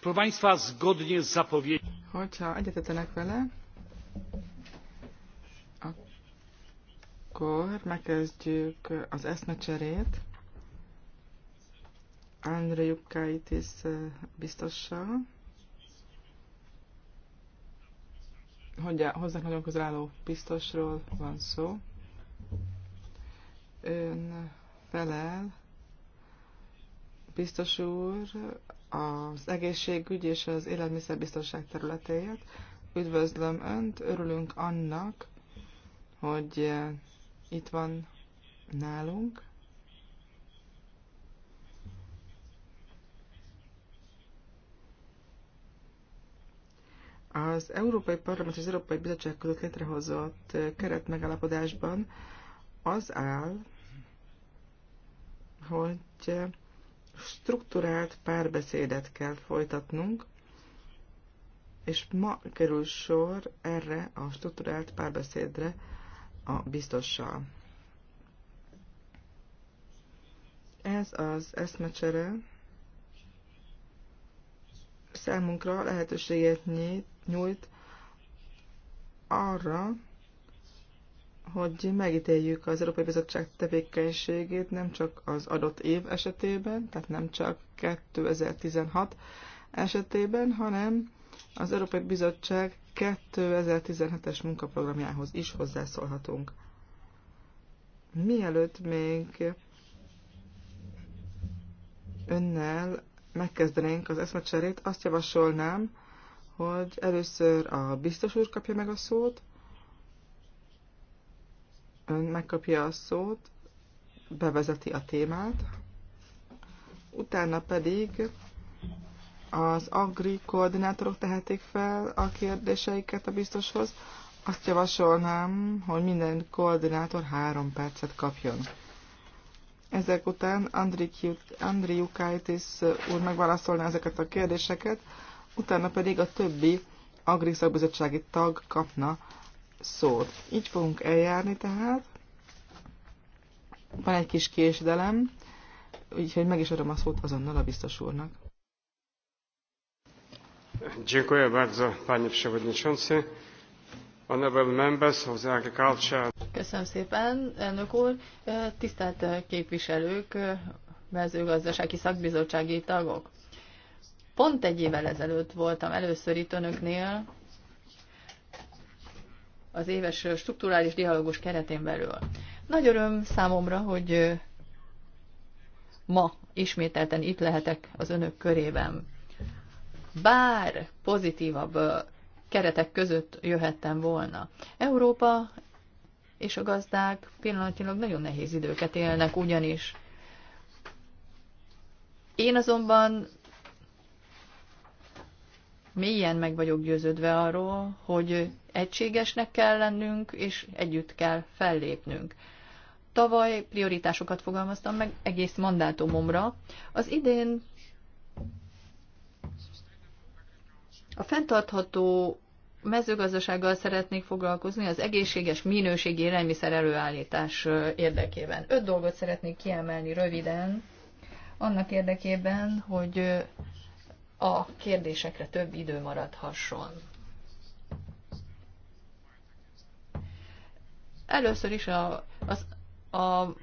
Proszę Państwa, zgodnie z zapowiedzią... Hogyha egyetetenek vele, akkor megkezdjük az eszmecserét. Andrei Jukkaitis eh, biztossal. Hogy hozzánk nagyon közel álló biztosról van szó. Ön felel, biztos úr, az egészségügy és az élelmiszerbiztonság területéért. Üdvözlöm Önt, örülünk annak, hogy eh, itt van nálunk. Az Európai Parlament és az Európai Bizottság között létrehozott eh, keretmegállapodásban az áll, hogy eh, strukturált párbeszédet kell folytatnunk, és ma kerül sor erre a strukturált párbeszédre a biztossal. Ez az eszmecsere számunkra lehetőséget nyújt arra, hogy megítéljük az Európai Bizottság tevékenységét nem csak az adott év esetében, tehát nem csak 2016 esetében, hanem az Európai Bizottság 2017-es munkaprogramjához is hozzászólhatunk. Mielőtt még önnel megkezdenénk az eszmecserét, azt javasolnám, hogy először a biztos úr kapja meg a szót, Ön megkapja a szót, bevezeti a témát, utána pedig az agri koordinátorok tehetik fel a kérdéseiket a biztoshoz. Azt javasolnám, hogy minden koordinátor három percet kapjon. Ezek után Andri Jukaitis úr megválaszolná ezeket a kérdéseket, utána pedig a többi agri szakbizottsági tag kapna szót. Így fogunk eljárni tehát. Van egy kis késdelem, úgyhogy meg is adom a szót azonnal a biztos úrnak. Dziękuję bardzo, panie przewodniczący. Honorable members of the agriculture. Köszönöm szépen, elnök úr. Tisztelt képviselők, mezőgazdasági szakbizottsági tagok. Pont egy évvel ezelőtt voltam először itt önöknél, az éves strukturális dialógus keretén belül. Nagy öröm számomra, hogy ma ismételten itt lehetek az önök körében. Bár pozitívabb keretek között jöhettem volna. Európa és a gazdák pillanatilag nagyon nehéz időket élnek ugyanis. Én azonban mélyen meg vagyok győződve arról, hogy egységesnek kell lennünk, és együtt kell fellépnünk. Tavaly prioritásokat fogalmaztam meg egész mandátumomra. Az idén a fenntartható mezőgazdasággal szeretnék foglalkozni az egészséges minőségi élelmiszer előállítás érdekében. Öt dolgot szeretnék kiemelni röviden, annak érdekében, hogy a kérdésekre több idő maradhasson. Először is a, az, a, az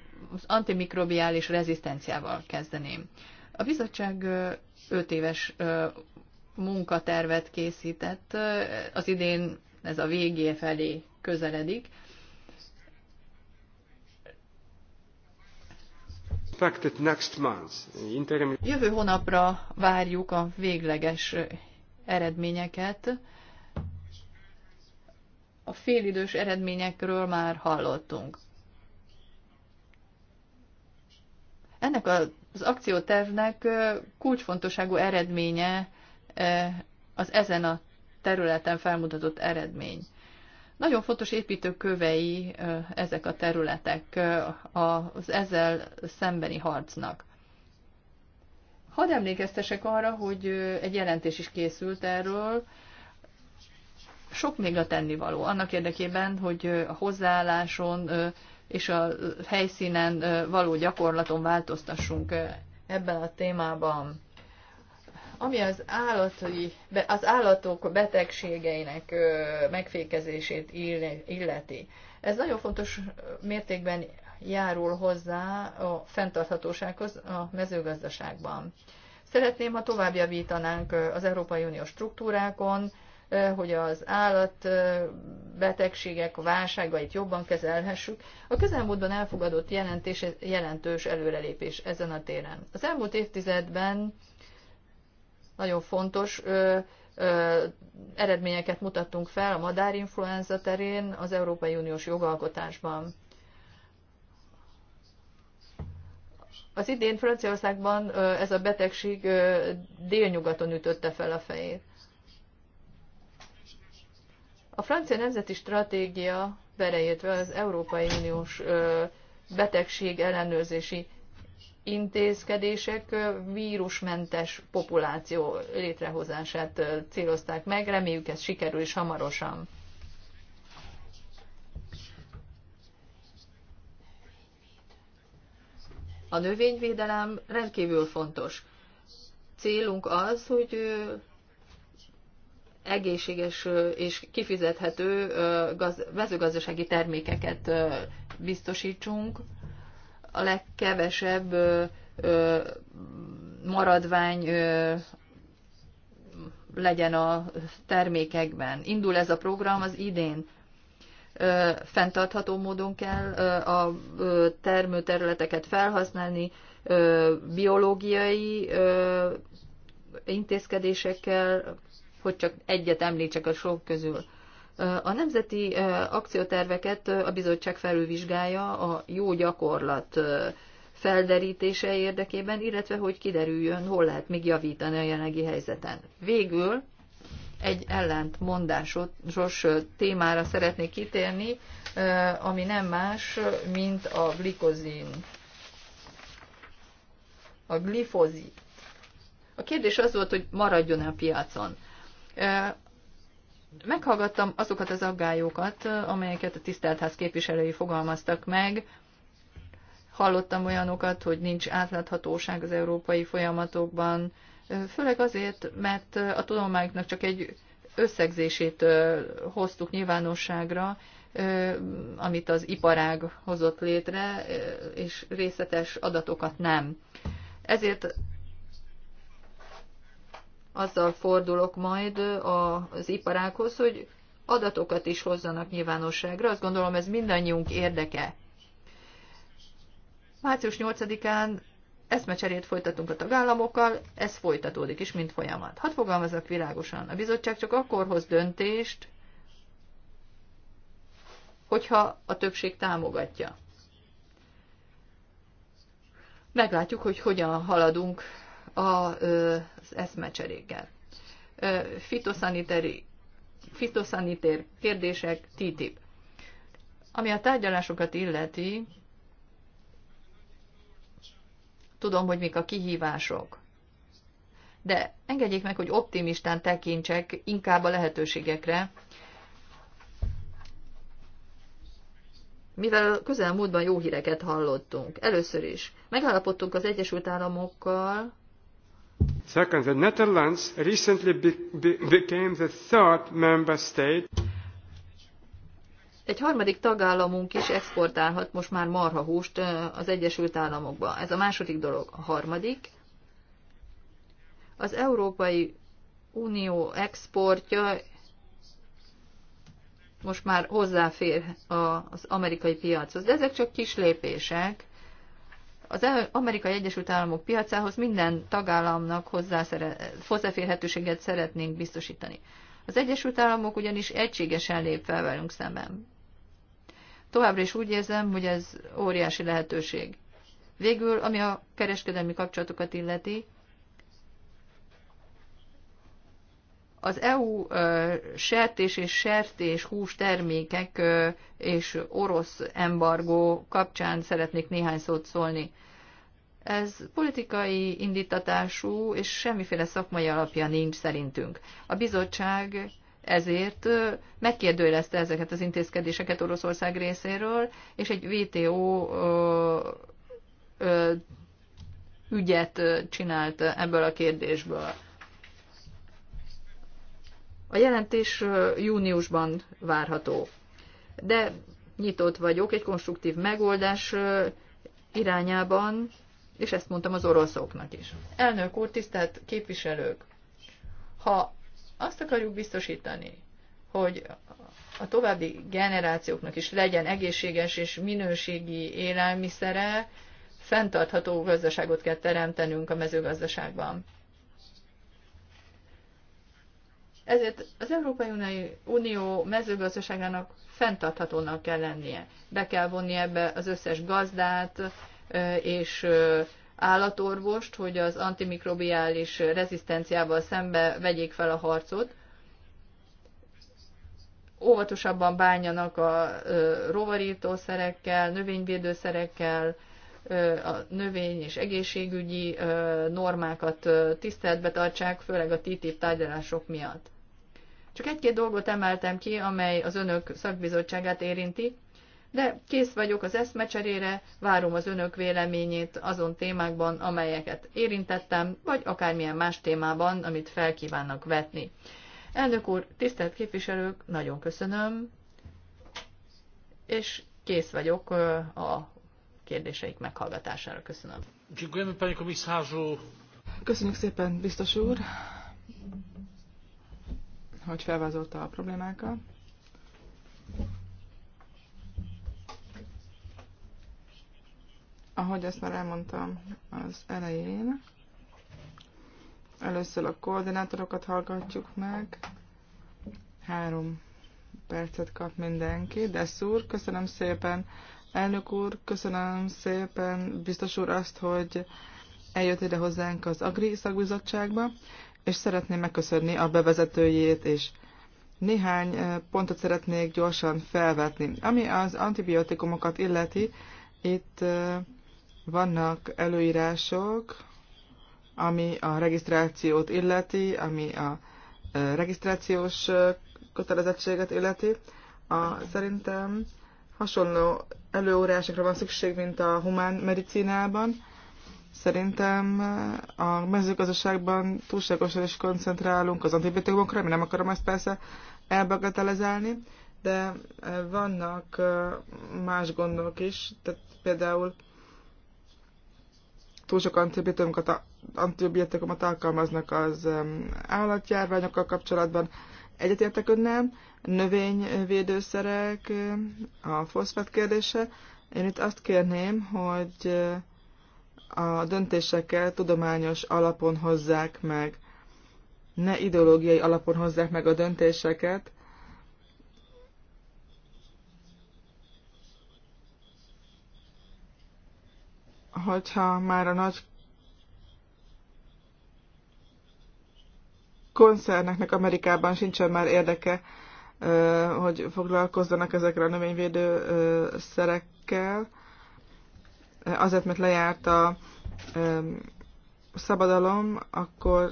antimikrobiális rezisztenciával kezdeném. A bizottság 5 éves munkatervet készített, az idén ez a végé felé közeledik. Jövő hónapra várjuk a végleges eredményeket a félidős eredményekről már hallottunk. Ennek az akciótervnek kulcsfontosságú eredménye az ezen a területen felmutatott eredmény. Nagyon fontos építőkövei ezek a területek az ezzel szembeni harcnak. Hadd emlékeztesek arra, hogy egy jelentés is készült erről, sok még a tennivaló. Annak érdekében, hogy a hozzáálláson és a helyszínen való gyakorlaton változtassunk ebben a témában. Ami az, állati, az állatok betegségeinek megfékezését illeti. Ez nagyon fontos mértékben járul hozzá a fenntarthatósághoz a mezőgazdaságban. Szeretném, ha tovább javítanánk az Európai Unió struktúrákon, hogy az állat betegségek válságait jobban kezelhessük. A közelmúltban elfogadott jelentés jelentős előrelépés ezen a téren. Az elmúlt évtizedben nagyon fontos ö, ö, eredményeket mutattunk fel a madárinfluenza terén az Európai Uniós jogalkotásban. Az idén Franciaországban ez a betegség délnyugaton ütötte fel a fejét. A francia nemzeti stratégia beleértve az Európai Uniós betegség ellenőrzési intézkedések vírusmentes populáció létrehozását célozták meg. Reméljük ez sikerül is hamarosan. A növényvédelem rendkívül fontos. Célunk az, hogy egészséges és kifizethető mezőgazdasági termékeket biztosítsunk, a legkevesebb maradvány legyen a termékekben. Indul ez a program az idén. Fentartható módon kell a termőterületeket felhasználni, biológiai intézkedésekkel, hogy csak egyet említsek a sok közül. A nemzeti akcióterveket a bizottság felülvizsgálja a jó gyakorlat felderítése érdekében, illetve hogy kiderüljön, hol lehet még javítani a jelenlegi helyzeten. Végül egy ellentmondásos témára szeretnék kitérni, ami nem más, mint a glikozin. A glifozit. A kérdés az volt, hogy maradjon-e a piacon. Meghallgattam azokat az aggályokat, amelyeket a tiszteltház képviselői fogalmaztak meg. Hallottam olyanokat, hogy nincs átláthatóság az európai folyamatokban, főleg azért, mert a tudományoknak csak egy összegzését hoztuk nyilvánosságra, amit az iparág hozott létre, és részletes adatokat nem. Ezért azzal fordulok majd az iparákhoz, hogy adatokat is hozzanak nyilvánosságra. Azt gondolom, ez mindannyiunk érdeke. Március 8-án eszmecserét folytatunk a tagállamokkal, ez folytatódik is, mint folyamat. Hadd fogalmazok világosan, a bizottság csak akkor hoz döntést, hogyha a többség támogatja. Meglátjuk, hogy hogyan haladunk az eszmecseréken. fitoszanitér kérdések, TTIP. Ami a tárgyalásokat illeti, tudom, hogy mik a kihívások. De engedjék meg, hogy optimistán tekintsek inkább a lehetőségekre, mivel a közelmúltban jó híreket hallottunk. Először is megállapodtunk az Egyesült Államokkal Second, the Netherlands recently be be became the third member state. Egy harmadik tagállamunk is exportálhat most már marhahúst az Egyesült Államokba. Ez a második dolog. A harmadik, az Európai Unió exportja most már hozzáfér az amerikai piachoz, de ezek csak kis lépések. Az e- Amerikai Egyesült Államok piacához minden tagállamnak hozzáférhetőséget szeretnénk biztosítani. Az Egyesült Államok ugyanis egységesen lép fel velünk szemben. Továbbra is úgy érzem, hogy ez óriási lehetőség. Végül, ami a kereskedelmi kapcsolatokat illeti, az EU sertés és sertés hús termékek és orosz embargó kapcsán szeretnék néhány szót szólni. Ez politikai indítatású, és semmiféle szakmai alapja nincs szerintünk. A bizottság ezért megkérdőjelezte ezeket az intézkedéseket Oroszország részéről, és egy WTO ügyet csinált ebből a kérdésből. A jelentés júniusban várható. De nyitott vagyok egy konstruktív megoldás irányában, és ezt mondtam az oroszoknak is. Elnök úr, tisztelt képviselők, ha azt akarjuk biztosítani, hogy a további generációknak is legyen egészséges és minőségi élelmiszere, fenntartható gazdaságot kell teremtenünk a mezőgazdaságban. Ezért az Európai Unió mezőgazdaságának fenntarthatónak kell lennie. Be kell vonni ebbe az összes gazdát és állatorvost, hogy az antimikrobiális rezisztenciával szembe vegyék fel a harcot. Óvatosabban bánjanak a rovarítószerekkel, növényvédőszerekkel, a növény és egészségügyi normákat tiszteletbe tartsák, főleg a TTIP tárgyalások miatt. Csak egy-két dolgot emeltem ki, amely az önök szakbizottságát érinti, de kész vagyok az eszmecserére, várom az önök véleményét azon témákban, amelyeket érintettem, vagy akármilyen más témában, amit felkívánnak vetni. Elnök úr, tisztelt képviselők, nagyon köszönöm, és kész vagyok a kérdéseik meghallgatására. Köszönöm. Köszönjük szépen, biztos úr hogy felvázolta a problémákat. Ahogy ezt már elmondtam az elején, először a koordinátorokat hallgatjuk meg. Három percet kap mindenki. De szúr, köszönöm szépen. Elnök úr, köszönöm szépen, biztos úr azt, hogy eljött ide hozzánk az Agri szakbizottságba és szeretném megköszönni a bevezetőjét és Néhány eh, pontot szeretnék gyorsan felvetni. Ami az antibiotikumokat illeti, itt eh, vannak előírások, ami a regisztrációt illeti, ami a eh, regisztrációs kötelezettséget illeti. A, szerintem hasonló előírásokra van szükség, mint a humán medicinában. Szerintem eh, a mezőgazdaságban túlságosan is koncentrálunk az antibiotikumokra, mi nem akarom ezt persze elbagatelezálni, de eh, vannak eh, más gondok is, tehát például túl sok antibiotikumot, antibiotikumot alkalmaznak az állatjárványokkal kapcsolatban. Egyetértek önnel, növényvédőszerek, a foszfát kérdése. Én itt azt kérném, hogy a döntéseket tudományos alapon hozzák meg. Ne ideológiai alapon hozzák meg a döntéseket, hogyha már a nagy koncerneknek Amerikában sincsen már érdeke, hogy foglalkozzanak ezekre a növényvédő szerekkel, azért, mert lejárt a szabadalom, akkor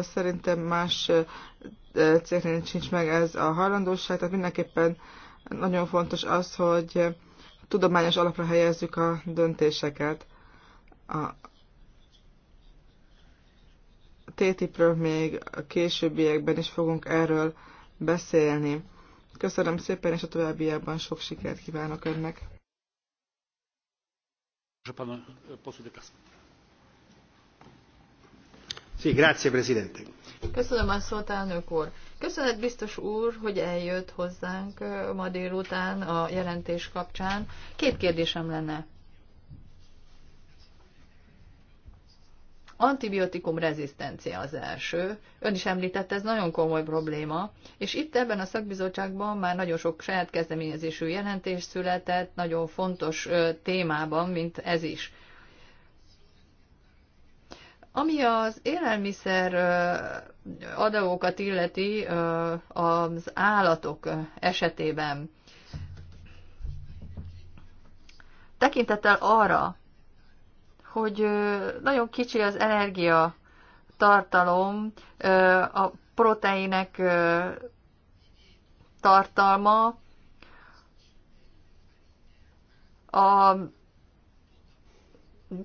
szerintem más cégnél sincs meg ez a hajlandóság, tehát mindenképpen nagyon fontos az, hogy tudományos alapra helyezzük a döntéseket. A TTIP-ről még a későbbiekben is fogunk erről beszélni. Köszönöm szépen, és a továbbiakban sok sikert kívánok önnek. E, Köszönöm a szót, elnök úr. Köszönet biztos úr, hogy eljött hozzánk e, ma délután a jelentés kapcsán. Két kérdésem lenne. antibiotikum rezisztencia az első. Ön is említette, ez nagyon komoly probléma, és itt ebben a szakbizottságban már nagyon sok saját kezdeményezésű jelentés született, nagyon fontos témában, mint ez is. Ami az élelmiszer adagokat illeti az állatok esetében, tekintettel arra, hogy nagyon kicsi az energia tartalom, a proteinek tartalma, a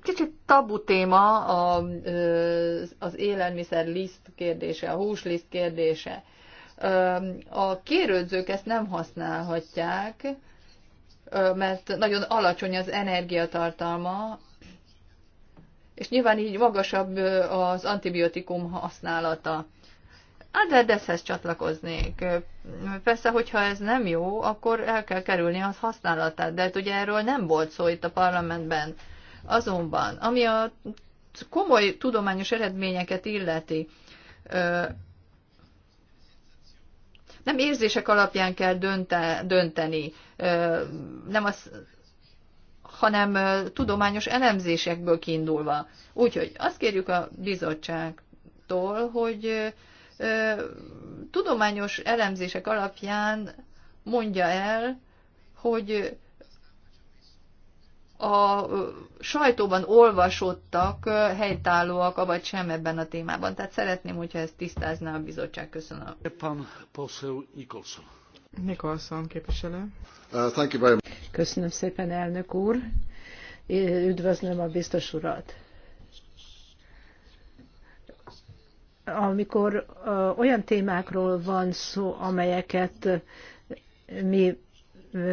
kicsit tabu téma a, az élelmiszer liszt kérdése, a liszt kérdése. A kérődzők ezt nem használhatják, mert nagyon alacsony az energiatartalma, és nyilván így magasabb az antibiotikum használata. Aderdeszhez hát csatlakoznék. Persze, hogyha ez nem jó, akkor el kell kerülni az használatát, de hát ugye erről nem volt szó itt a parlamentben. Azonban, ami a komoly tudományos eredményeket illeti, nem érzések alapján kell dönte, dönteni, nem az hanem tudományos elemzésekből kiindulva. Úgyhogy azt kérjük a bizottságtól, hogy tudományos elemzések alapján mondja el, hogy a sajtóban olvasottak helytállóak, vagy sem ebben a témában. Tehát szeretném, hogyha ezt tisztázná a bizottság. Köszönöm. Nikolson képviselő. Uh, thank you very much. Köszönöm szépen, elnök úr. Üdvözlöm a biztos urat. Amikor uh, olyan témákról van szó, amelyeket mi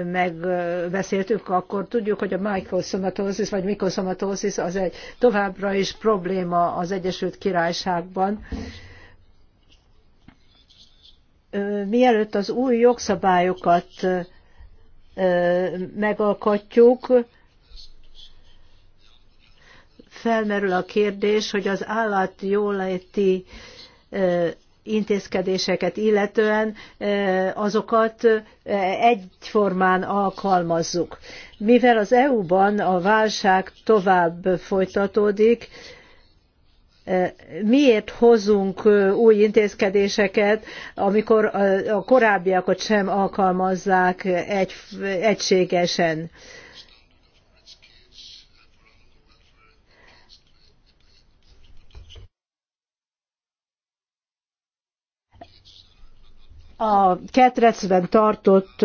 megbeszéltük, akkor tudjuk, hogy a mikroszomatózis vagy mikroszomatózis az egy továbbra is probléma az Egyesült Királyságban. Uh, mielőtt az új jogszabályokat megalkotjuk, felmerül a kérdés, hogy az állatjóléti intézkedéseket illetően azokat egyformán alkalmazzuk. Mivel az EU-ban a válság tovább folytatódik, miért hozunk új intézkedéseket, amikor a korábbiakat sem alkalmazzák egy, egységesen. A ketrecben tartott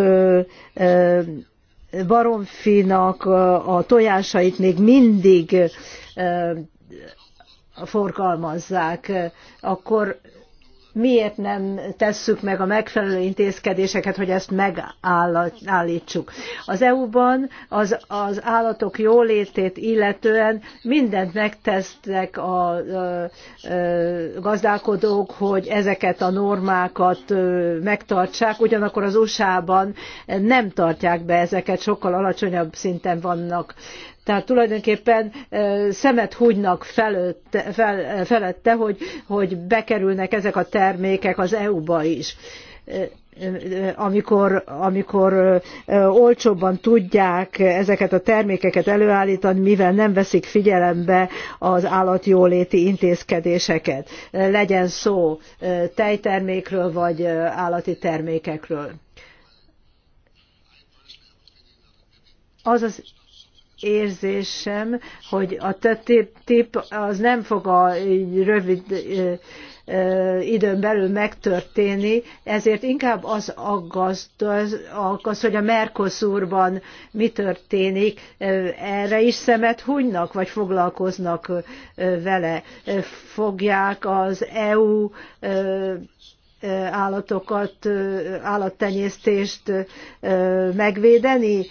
baromfinak a tojásait még mindig forgalmazzák, akkor miért nem tesszük meg a megfelelő intézkedéseket, hogy ezt megállítsuk. Az EU-ban az, az állatok jólétét illetően mindent megtesznek a, a, a gazdálkodók, hogy ezeket a normákat megtartsák, ugyanakkor az USA-ban nem tartják be ezeket, sokkal alacsonyabb szinten vannak tehát tulajdonképpen szemet húgynak felőtte, fel, felette, hogy, hogy bekerülnek ezek a termékek az EU-ba is amikor, amikor olcsóbban tudják ezeket a termékeket előállítani, mivel nem veszik figyelembe az állatjóléti intézkedéseket. Legyen szó tejtermékről vagy állati termékekről. Az az érzésem, hogy a tip az nem fog a rövid időn belül megtörténni, ezért inkább az aggaszt, az, aggaszt hogy a Mercosurban mi történik, erre is szemet hunynak, vagy foglalkoznak vele. Fogják az EU állatokat, állattenyésztést megvédeni,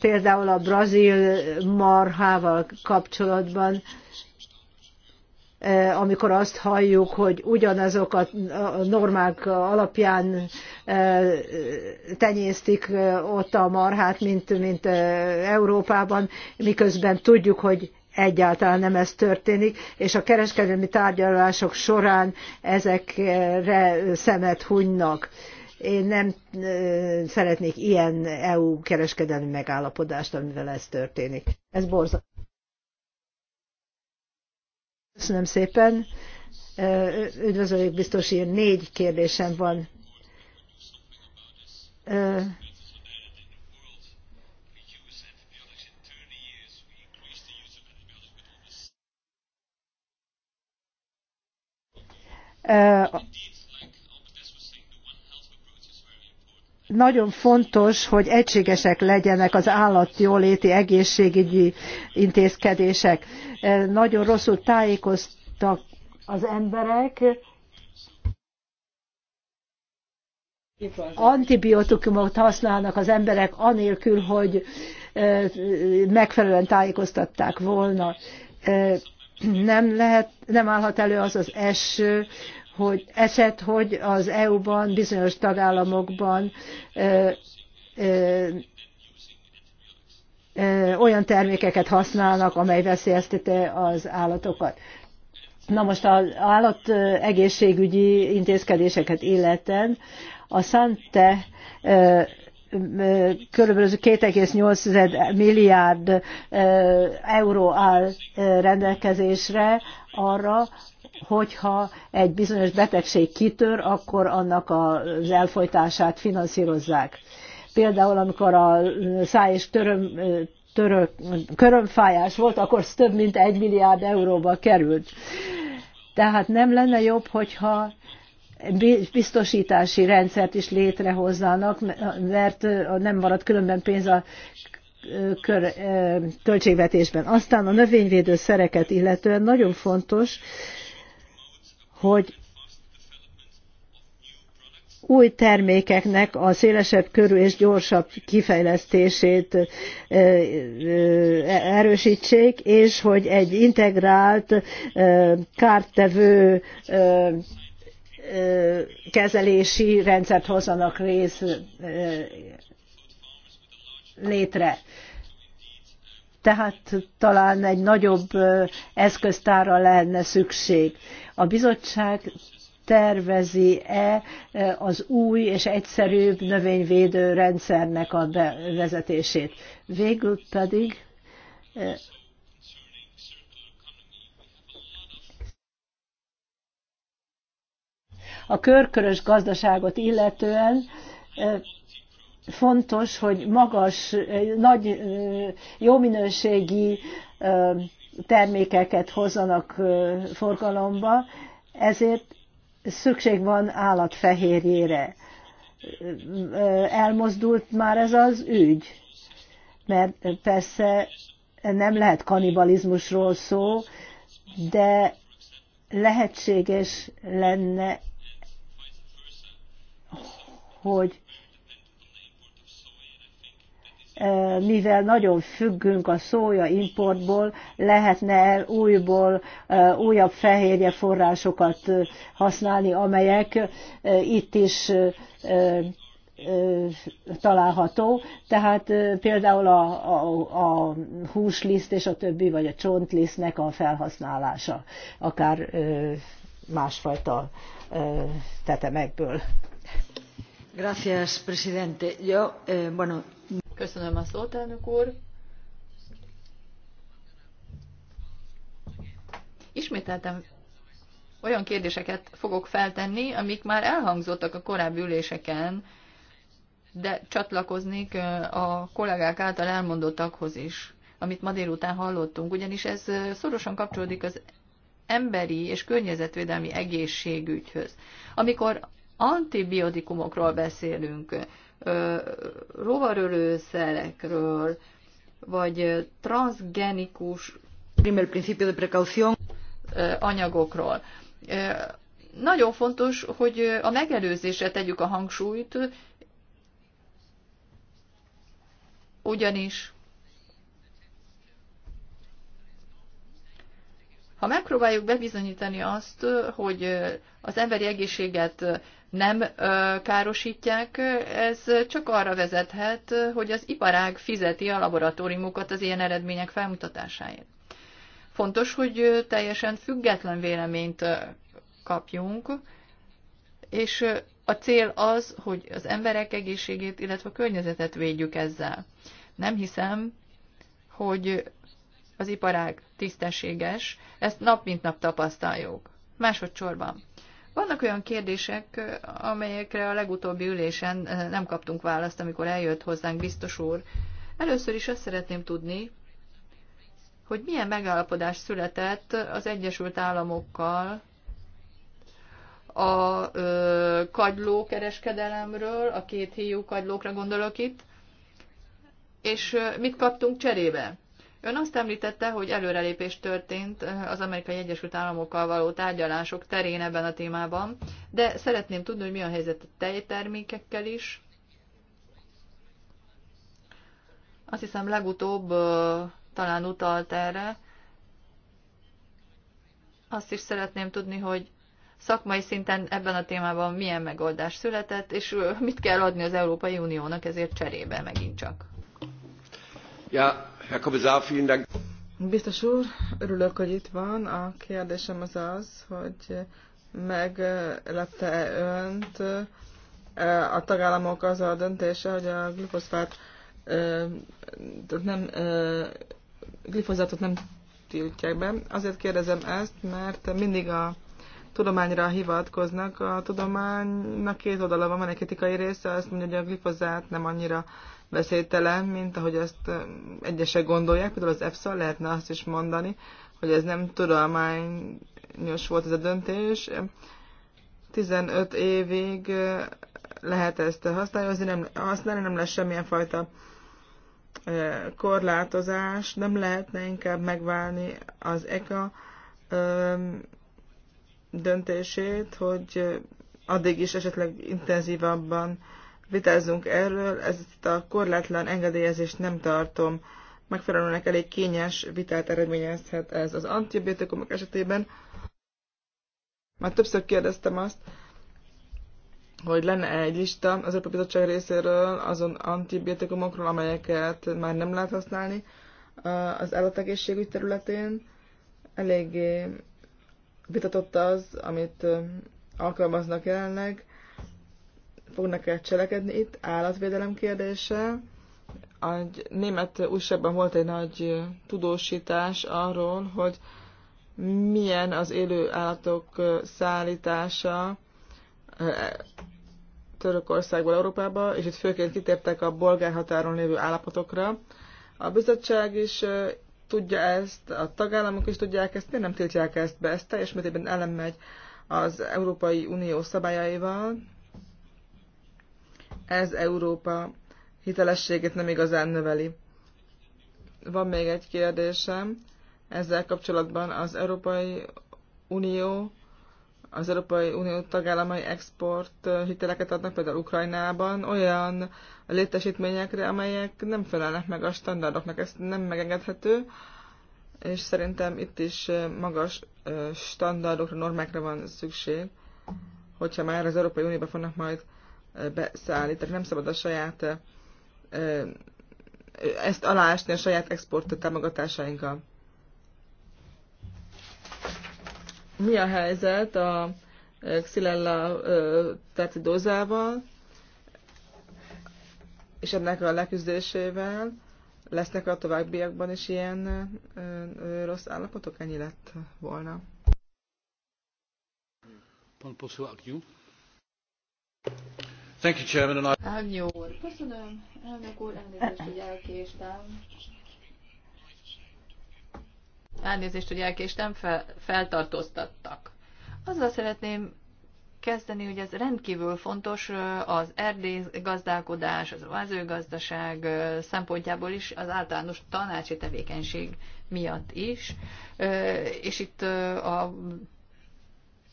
például a brazil marhával kapcsolatban, amikor azt halljuk, hogy ugyanazok a normák alapján tenyésztik ott a marhát, mint, mint Európában, miközben tudjuk, hogy egyáltalán nem ez történik, és a kereskedelmi tárgyalások során ezekre szemet hunynak. Én nem szeretnék ilyen EU kereskedelmi megállapodást, amivel ez történik. Ez borzasztó. Köszönöm szépen. Üdvözöljük biztos, ilyen négy kérdésem van nagyon fontos, hogy egységesek legyenek az állatjóléti egészségügyi intézkedések. Nagyon rosszul tájékoztak az emberek, antibiotikumot használnak az emberek anélkül, hogy megfelelően tájékoztatták volna nem, lehet, nem állhat elő az az eső, hogy eset, hogy az EU-ban, bizonyos tagállamokban ö, ö, ö, olyan termékeket használnak, amely veszélyezteti az állatokat. Na most az állat egészségügyi intézkedéseket illeten a Szante kb. 2,8 milliárd euró áll rendelkezésre arra, hogyha egy bizonyos betegség kitör, akkor annak az elfolytását finanszírozzák. Például, amikor a száj és töröm, török, körömfájás volt, akkor az több mint egy milliárd euróba került. Tehát nem lenne jobb, hogyha biztosítási rendszert is létrehozzanak, mert nem marad különben pénz a kör, költségvetésben. Aztán a növényvédő szereket illetően nagyon fontos, hogy új termékeknek a szélesebb körű és gyorsabb kifejlesztését erősítsék, és hogy egy integrált kártevő kezelési rendszert hozzanak rész létre. Tehát talán egy nagyobb eszköztára lenne szükség. A bizottság tervezi-e az új és egyszerűbb növényvédő rendszernek a bevezetését. Végül pedig A körkörös gazdaságot illetően fontos, hogy magas, nagy, jó minőségi termékeket hozzanak forgalomba, ezért szükség van állatfehérjére. Elmozdult már ez az ügy, mert persze nem lehet kanibalizmusról szó, de lehetséges lenne hogy e, mivel nagyon függünk a szója importból, lehetne újból e, újabb fehérje forrásokat e, használni, amelyek itt is található, tehát például a, a, a húsliszt és a többi, vagy a csontlisztnek a felhasználása, akár másfajta tetemekből ismételten eh, Köszönöm Ismételtem olyan kérdéseket fogok feltenni, amik már elhangzottak a korábbi üléseken, de csatlakoznék a kollégák által elmondottakhoz is, amit ma délután hallottunk, ugyanis ez szorosan kapcsolódik az emberi és környezetvédelmi egészségügyhöz. Amikor antibiotikumokról beszélünk, rovarölőszerekről, vagy transgenikus primer principio de precaución anyagokról. Nagyon fontos, hogy a megelőzésre tegyük a hangsúlyt, ugyanis ha megpróbáljuk bebizonyítani azt, hogy az emberi egészséget nem károsítják, ez csak arra vezethet, hogy az iparág fizeti a laboratóriumokat az ilyen eredmények felmutatásáért. Fontos, hogy teljesen független véleményt kapjunk, és a cél az, hogy az emberek egészségét, illetve a környezetet védjük ezzel. Nem hiszem, hogy az iparág tisztességes, ezt nap mint nap tapasztaljuk. Másodszorban vannak olyan kérdések, amelyekre a legutóbbi ülésen eh, nem kaptunk választ, amikor eljött hozzánk biztos úr. Először is azt szeretném tudni, hogy milyen megállapodás született az Egyesült Államokkal a ö, kereskedelemről, a két hiú kagylókra gondolok itt, és mit kaptunk cserébe? Ön azt említette, hogy előrelépés történt eh, az Amerikai Egyesült Államokkal való tárgyalások terén ebben a témában, de szeretném tudni, hogy mi a helyzet a tejtermékekkel is. Azt hiszem legutóbb eh, talán utalt erre. Azt is szeretném tudni, hogy szakmai szinten ebben a témában milyen megoldás született, és eh, mit kell adni az Európai Uniónak ezért cserébe megint csak. Ja, Herr Kommissar, vielen Dank. Biztos úr, örülök, hogy itt van. A kérdésem az az, hogy meglepte-e önt e, a tagállamok az a döntése, hogy a glifoszfát e, nem, e, glifozátot nem tiltják be. Azért kérdezem ezt, mert mindig a tudományra hivatkoznak. A tudománynak két oldala van, van egy kritikai része, azt mondja, hogy a glifozát nem annyira veszélytelen, mint ahogy azt egyesek gondolják, például az EFSA lehetne azt is mondani, hogy ez nem tudományos volt ez a döntés. 15 évig lehet ezt használni, nem, használni nem lesz semmilyen fajta korlátozás, nem lehetne inkább megválni az ECA döntését, hogy addig is esetleg intenzívabban vitázzunk erről, ezt a korlátlan engedélyezést nem tartom megfelelőnek elég kényes vitát eredményezhet ez az antibiotikumok esetében. Már többször kérdeztem azt, hogy lenne -e egy lista az Európai Bizottság részéről azon antibiotikumokról, amelyeket már nem lehet használni uh, az állategészségügy területén. Eléggé vitatott az, amit uh, alkalmaznak jelenleg fognak-e cselekedni itt, állatvédelem kérdése. A német újságban volt egy nagy tudósítás arról, hogy milyen az élő állatok szállítása Törökországból Európába, és itt főként kitértek a bolgár határon lévő állapotokra. A bizottság is tudja ezt, a tagállamok is tudják ezt, miért nem tiltják ezt be? ezt teljes mértékben megy az Európai Unió szabályaival, ez Európa hitelességét nem igazán növeli. Van még egy kérdésem ezzel kapcsolatban az Európai Unió, az Európai Unió tagállamai export hiteleket adnak például Ukrajnában olyan létesítményekre, amelyek nem felelnek meg a standardoknak. Ez nem megengedhető, és szerintem itt is magas standardokra, normákra van szükség, hogyha már az Európai Unióban fognak majd tehát Nem szabad a saját ezt aláásni a saját export támogatásainkkal. Mi a helyzet a Xylella tetidózával és ennek a leküzdésével? Lesznek a továbbiakban is ilyen rossz állapotok? Ennyi lett volna. Pan poseł Agniu. Thank you, Chairman, and I... Ágnyó hát, úr, köszönöm. Elnök úr, elnézést, hogy elkéstem. Elnézést, hogy elkéstem, fel, feltartóztattak. Azzal szeretném kezdeni, hogy ez rendkívül fontos az erdély gazdálkodás, az mezőgazdaság szempontjából is, az általános tanácsi tevékenység miatt is. És itt a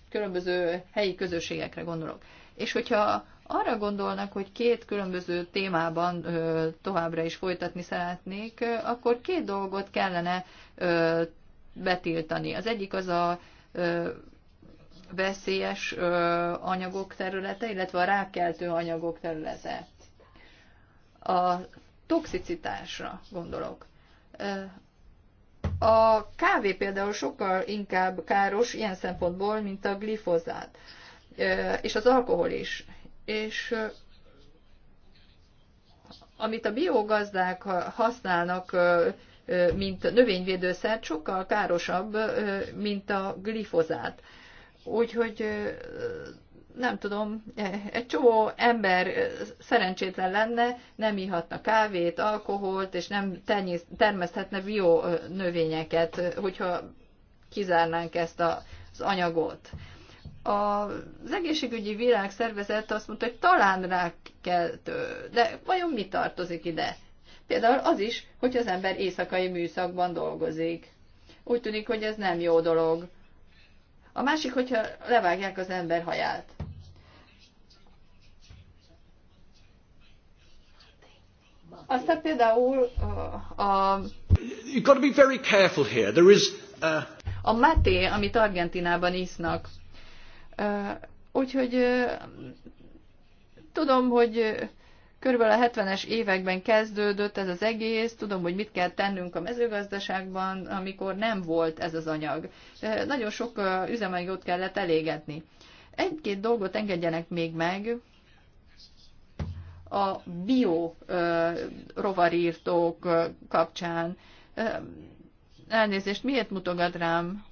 különböző helyi közösségekre gondolok. És hogyha arra gondolnak, hogy két különböző témában továbbra is folytatni szeretnék, akkor két dolgot kellene betiltani. Az egyik az a veszélyes anyagok területe, illetve a rákkeltő anyagok területe. A toxicitásra gondolok. A kávé például sokkal inkább káros ilyen szempontból, mint a glifozát, és az alkohol is és amit a biogazdák használnak, mint növényvédőszer, sokkal károsabb, mint a glifozát. Úgyhogy nem tudom, e, egy csomó ember szerencsétlen lenne, nem ihatna kávét, alkoholt, és nem termeszthetne bio növényeket, hogyha kizárnánk ezt az anyagot az egészségügyi világszervezet azt mondta, hogy talán rákkeltő, de vajon mi tartozik ide? Például az is, hogy az ember éjszakai műszakban dolgozik. Úgy tűnik, hogy ez nem jó dolog. A másik, hogyha levágják az ember haját. Aztán például a... a You've got to be very careful here. There is a... Uh, a maté, amit Argentinában isznak, Úgyhogy tudom, hogy körülbelül a 70-es években kezdődött ez az egész, tudom, hogy mit kell tennünk a mezőgazdaságban, amikor nem volt ez az anyag. Nagyon sok üzemanyagot kellett elégetni. Egy-két dolgot engedjenek még meg, a bio rovarírtók kapcsán. Elnézést, miért mutogat rám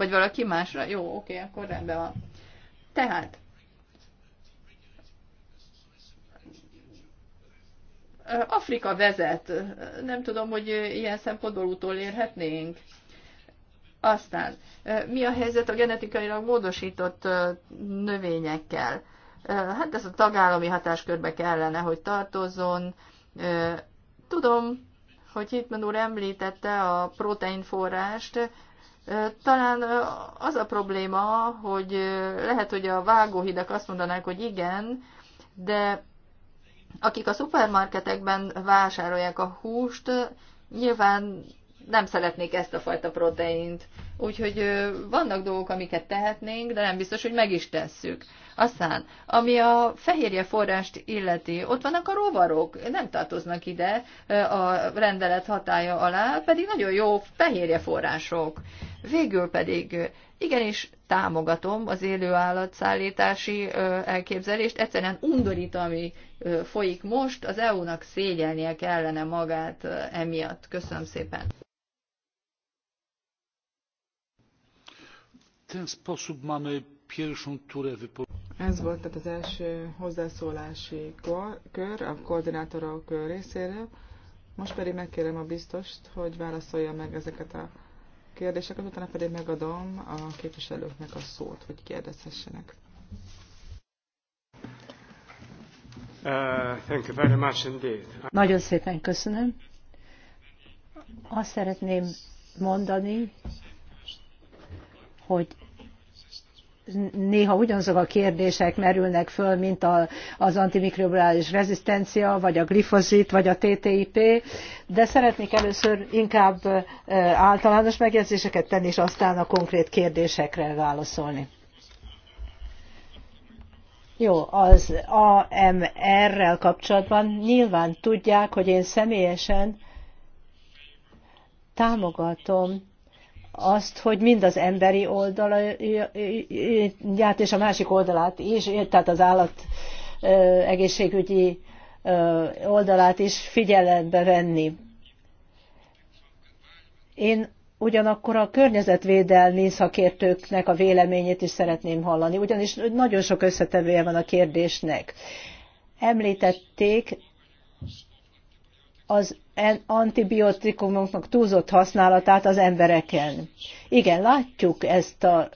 vagy valaki másra? Jó, oké, akkor rendben van. Tehát, Afrika vezet. Nem tudom, hogy ilyen szempontból utolérhetnénk. Aztán, mi a helyzet a genetikailag módosított növényekkel? Hát ez a tagállami hatáskörbe kellene, hogy tartozzon. Tudom, hogy Hitman úr említette a proteinforrást, talán az a probléma, hogy lehet, hogy a vágóhidak azt mondanák, hogy igen, de akik a szupermarketekben vásárolják a húst, nyilván nem szeretnék ezt a fajta proteint. Úgyhogy vannak dolgok, amiket tehetnénk, de nem biztos, hogy meg is tesszük. Aztán, ami a fehérje forrást illeti, ott vannak a rovarok, nem tartoznak ide a rendelet hatája alá, pedig nagyon jó fehérje források. Végül pedig igenis támogatom az élő állatszállítási elképzelést. Egyszerűen undorít, ami folyik most. Az EU-nak szégyelnie kellene magát emiatt. Köszönöm szépen. ten sposób mamy pierwszą turę Ez volt tehát az első hozzászólási kör a koordinátorok részéről. Most pedig megkérem a biztost, hogy válaszolja meg ezeket a kérdéseket, utána pedig megadom a képviselőknek a szót, hogy kérdezhessenek. Uh, Nagyon szépen köszönöm. Azt szeretném mondani, hogy néha ugyanazok a kérdések merülnek föl, mint a, az antimikrobiális rezisztencia, vagy a glifozit, vagy a TTIP, de szeretnék először inkább általános megjegyzéseket tenni, és aztán a konkrét kérdésekre válaszolni. Jó, az AMR-rel kapcsolatban nyilván tudják, hogy én személyesen támogatom azt, hogy mind az emberi oldalát és a másik oldalát is, tehát az állat egészségügyi oldalát is figyelembe venni. Én ugyanakkor a környezetvédelmi szakértőknek a véleményét is szeretném hallani, ugyanis nagyon sok összetevője van a kérdésnek. Említették az antibiotikumoknak túlzott használatát az embereken. Igen, látjuk ezt a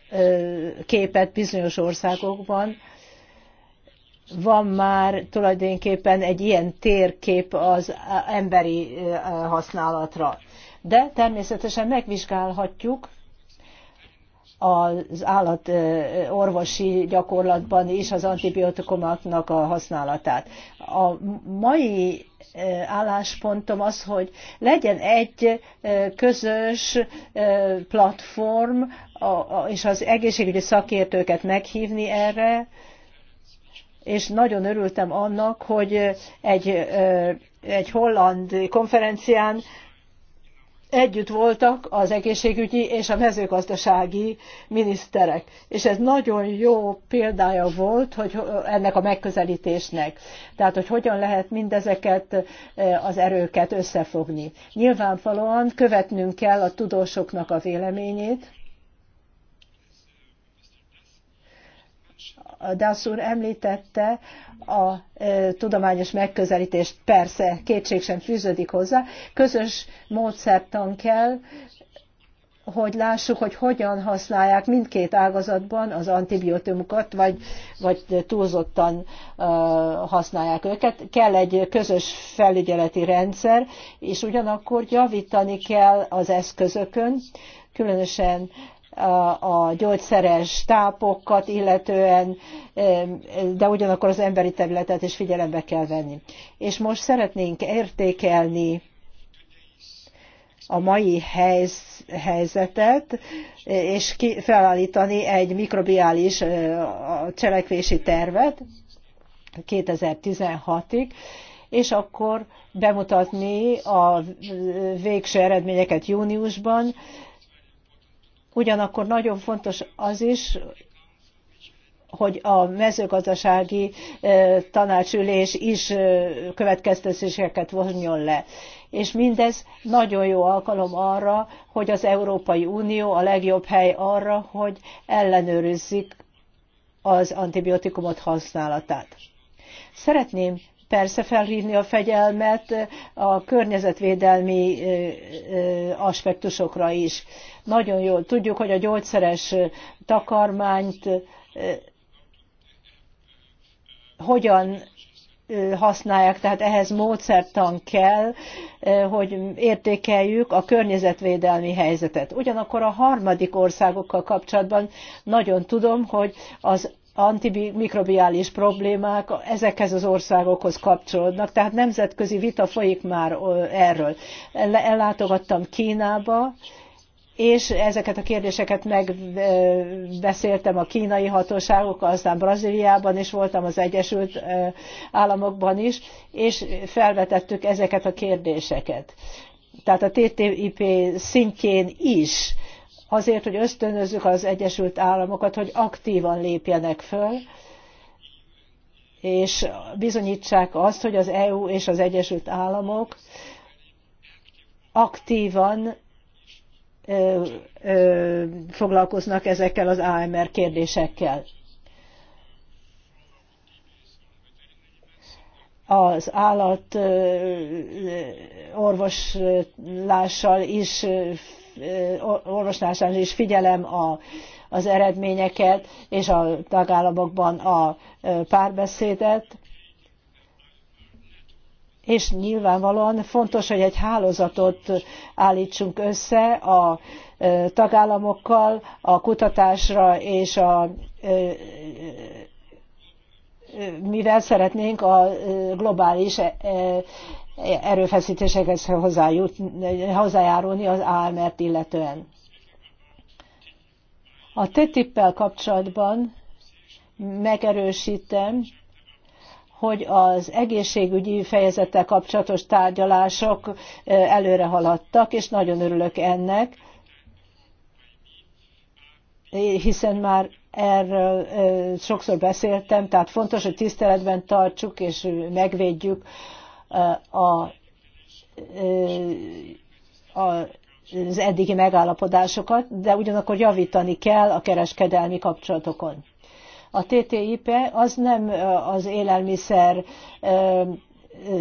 képet bizonyos országokban. Van már tulajdonképpen egy ilyen térkép az emberi használatra. De természetesen megvizsgálhatjuk az állat orvosi gyakorlatban is az antibiotikumoknak a használatát. A mai álláspontom az, hogy legyen egy közös platform, és az egészségügyi szakértőket meghívni erre, és nagyon örültem annak, hogy egy, egy holland konferencián együtt voltak az egészségügyi és a mezőgazdasági miniszterek. És ez nagyon jó példája volt hogy ennek a megközelítésnek. Tehát, hogy hogyan lehet mindezeket eh, az erőket összefogni. Nyilvánvalóan követnünk kell a tudósoknak a véleményét, Dász úr említette a e, tudományos megközelítést, persze, kétség sem fűződik hozzá. Közös módszertan kell, hogy lássuk, hogy hogyan használják mindkét ágazatban az antibiotikumokat, vagy, vagy túlzottan e, használják őket. Kell egy közös felügyeleti rendszer, és ugyanakkor javítani kell az eszközökön, különösen a gyógyszeres tápokat illetően, de ugyanakkor az emberi területet is figyelembe kell venni. És most szeretnénk értékelni a mai helyz, helyzetet, és ki, felállítani egy mikrobiális cselekvési tervet 2016-ig, és akkor bemutatni a végső eredményeket júniusban, Ugyanakkor nagyon fontos az is, hogy a mezőgazdasági e, tanácsülés is e, következtetéseket vonjon le. És mindez nagyon jó alkalom arra, hogy az Európai Unió a legjobb hely arra, hogy ellenőrizzik az antibiotikumot használatát. Szeretném persze felhívni a fegyelmet a környezetvédelmi aspektusokra is. Nagyon jól tudjuk, hogy a gyógyszeres takarmányt hogyan használják, tehát ehhez módszertan kell, hogy értékeljük a környezetvédelmi helyzetet. Ugyanakkor a harmadik országokkal kapcsolatban nagyon tudom, hogy az antimikrobiális problémák ezekhez az országokhoz kapcsolódnak, tehát nemzetközi vita folyik már erről. Ellátogattam Kínába, és ezeket a kérdéseket megbeszéltem a kínai hatóságokkal, aztán Brazíliában is voltam, az Egyesült Államokban is, és felvetettük ezeket a kérdéseket. Tehát a TTIP szintjén is azért, hogy ösztönözzük az Egyesült Államokat, hogy aktívan lépjenek föl, és bizonyítsák azt, hogy az EU és az Egyesült Államok aktívan ö, ö, foglalkoznak ezekkel az AMR kérdésekkel. az állatorvoslással orvoslással is orvoslásán is figyelem a, az eredményeket és a tagállamokban a párbeszédet. És nyilvánvalóan fontos, hogy egy hálózatot állítsunk össze a tagállamokkal a kutatásra és a mivel szeretnénk a globális erőfeszítésekhez hozzájut, hozzájárulni az AMR-t illetően. A TTIP-pel kapcsolatban megerősítem, hogy az egészségügyi fejezettel kapcsolatos tárgyalások előre haladtak, és nagyon örülök ennek, hiszen már erről sokszor beszéltem, tehát fontos, hogy tiszteletben tartsuk és megvédjük a, a az eddigi megállapodásokat, de ugyanakkor javítani kell a kereskedelmi kapcsolatokon. A TTIP az nem az élelmiszer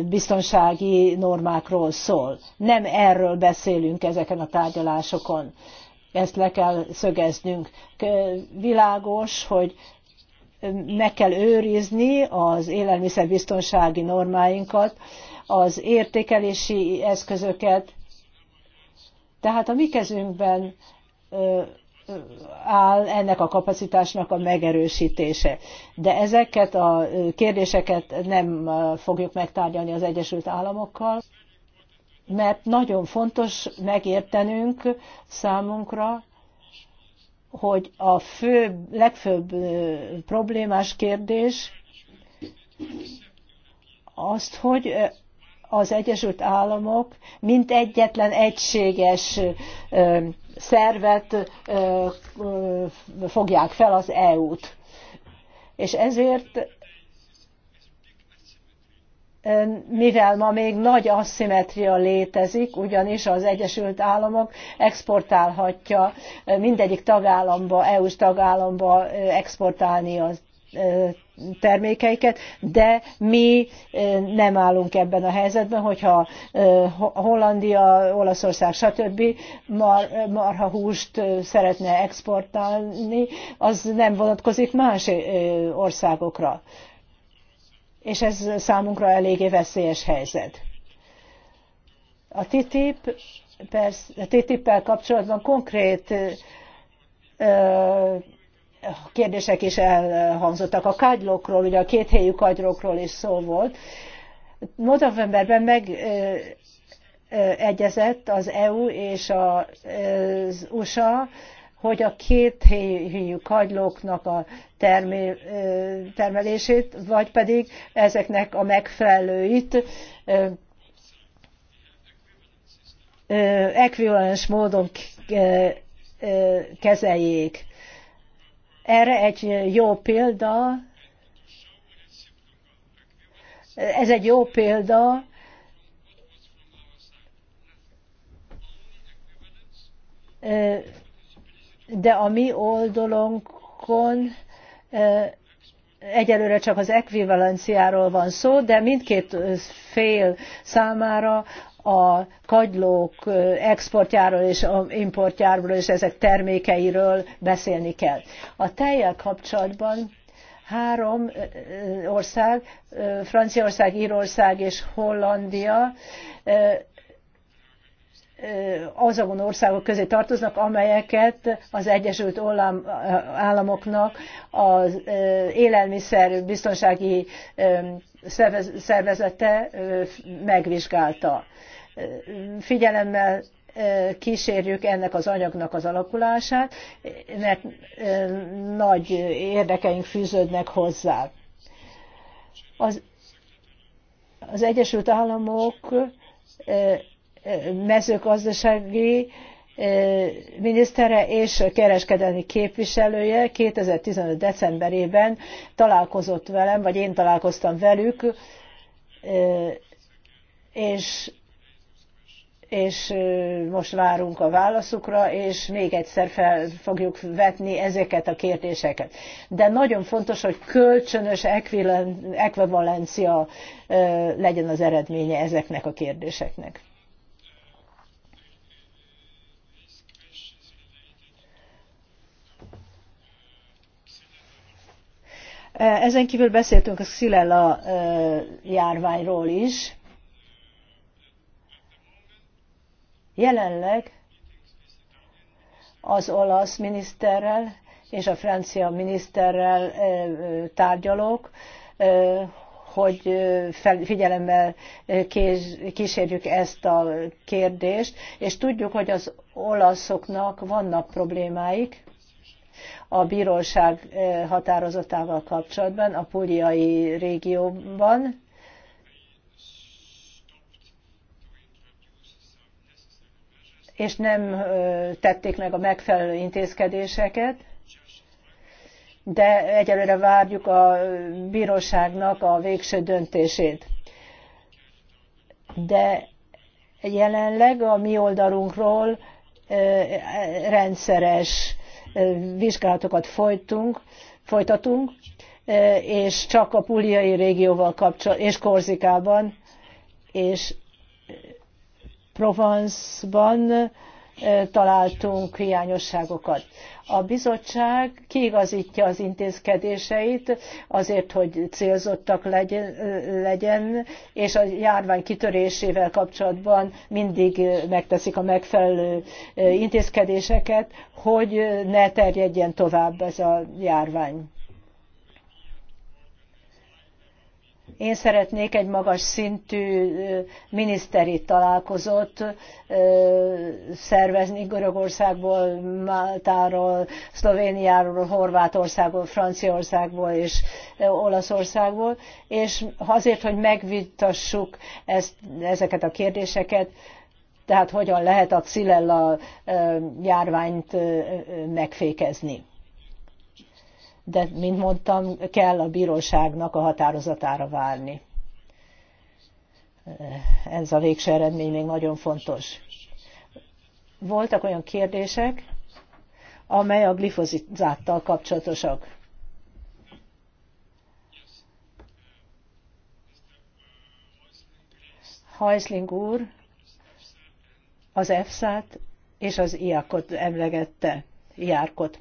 biztonsági normákról szól. Nem erről beszélünk ezeken a tárgyalásokon. Ezt le kell szögeznünk. Világos, hogy meg kell őrizni az élelmiszerbiztonsági normáinkat, az értékelési eszközöket. Tehát a mi kezünkben áll ennek a kapacitásnak a megerősítése. De ezeket a kérdéseket nem fogjuk megtárgyalni az Egyesült Államokkal, mert nagyon fontos megértenünk számunkra, hogy a fő, legfőbb problémás kérdés azt, hogy az Egyesült Államok mint egyetlen egységes szervet fogják fel az EU-t. És ezért mivel ma még nagy asszimetria létezik, ugyanis az Egyesült Államok exportálhatja mindegyik tagállamba, EU-s tagállamba exportálni a termékeiket, de mi nem állunk ebben a helyzetben, hogyha Hollandia, Olaszország, stb. Mar, marha húst szeretne exportálni, az nem vonatkozik más országokra és ez számunkra eléggé veszélyes helyzet. A TTIP, persze, a ttip kapcsolatban konkrét ö, kérdések is elhangzottak. A kágylókról, ugye a két helyű kagylókról is szó volt. Novemberben meg ö, egyezett az EU és az USA, hogy a két helyű kagylóknak a termelését, vagy pedig ezeknek a megfelelőit ekvivalens módon kezeljék. Erre egy jó példa, ez egy jó példa, de a mi oldalunkon egyelőre csak az ekvivalenciáról van szó, de mindkét fél számára a kagylók exportjáról és importjáról és ezek termékeiről beszélni kell. A tejjel kapcsolatban három ország, Franciaország, Írország és Hollandia azon országok közé tartoznak, amelyeket az Egyesült Államoknak az élelmiszer biztonsági szervezete megvizsgálta. Figyelemmel kísérjük ennek az anyagnak az alakulását, mert nagy érdekeink fűződnek hozzá. Az, az Egyesült Államok mezőgazdasági eh, minisztere és kereskedelmi képviselője 2015. decemberében találkozott velem, vagy én találkoztam velük, eh, és, és eh, most várunk a válaszukra, és még egyszer fel fogjuk vetni ezeket a kérdéseket. De nagyon fontos, hogy kölcsönös ekvivalencia legyen az eredménye ezeknek a kérdéseknek. Eh, ezen kívül beszéltünk a Xylella eh, járványról is. Jelenleg az olasz miniszterrel és a francia miniszterrel eh, tárgyalok, hogy figyelemmel kísérjük ezt a kérdést, és tudjuk, hogy az olaszoknak vannak problémáik, a bíróság eh, határozatával kapcsolatban a puliai régióban. és nem eh, tették meg a megfelelő intézkedéseket, de egyelőre várjuk a bíróságnak a végső döntését. De jelenleg a mi oldalunkról eh, rendszeres vizsgálatokat folytunk, folytatunk, és csak a Puliai régióval kapcsolatban, és Korzikában, és Provence-ban találtunk hiányosságokat. A bizottság kiigazítja az intézkedéseit azért, hogy célzottak legyen, legyen, és a járvány kitörésével kapcsolatban mindig megteszik a megfelelő intézkedéseket, hogy ne terjedjen tovább ez a járvány Én szeretnék egy magas szintű miniszteri találkozót szervezni Görögországból, Máltáról, Szlovéniáról, Horvátországból, Franciaországból és Olaszországból, és azért, hogy megvitassuk ezt, ezeket a kérdéseket, tehát hogyan lehet a Xilella járványt megfékezni de mint mondtam, kell a bíróságnak a határozatára várni. Ez a végső eredmény még nagyon fontos. Voltak olyan kérdések, amely a glifozizáttal kapcsolatosak. Heisling úr az EFSA-t és az IAK-ot emlegette, iárkot.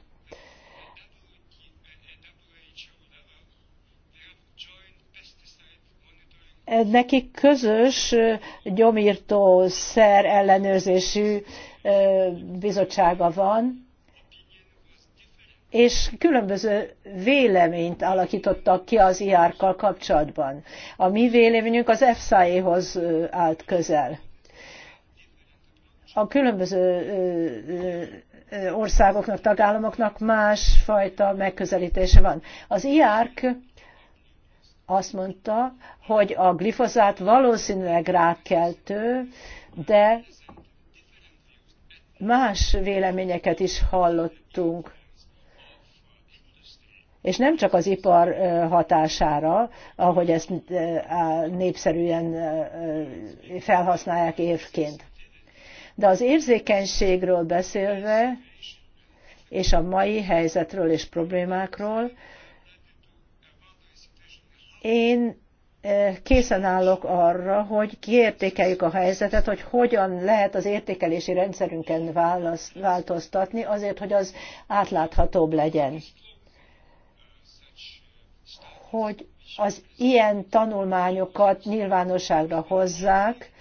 nekik közös gyomírtó ellenőrzésű bizottsága van, és különböző véleményt alakítottak ki az IR-kal kapcsolatban. A mi véleményünk az EFSA-éhoz állt közel. A különböző országoknak, tagállamoknak másfajta megközelítése van. Az IARC azt mondta, hogy a glifozát valószínűleg rákkeltő, de más véleményeket is hallottunk. És nem csak az ipar hatására, ahogy ezt népszerűen felhasználják évként. De az érzékenységről beszélve, és a mai helyzetről és problémákról, én készen állok arra, hogy kiértékeljük a helyzetet, hogy hogyan lehet az értékelési rendszerünken változtatni, azért, hogy az átláthatóbb legyen. Hogy az ilyen tanulmányokat nyilvánosságra hozzák,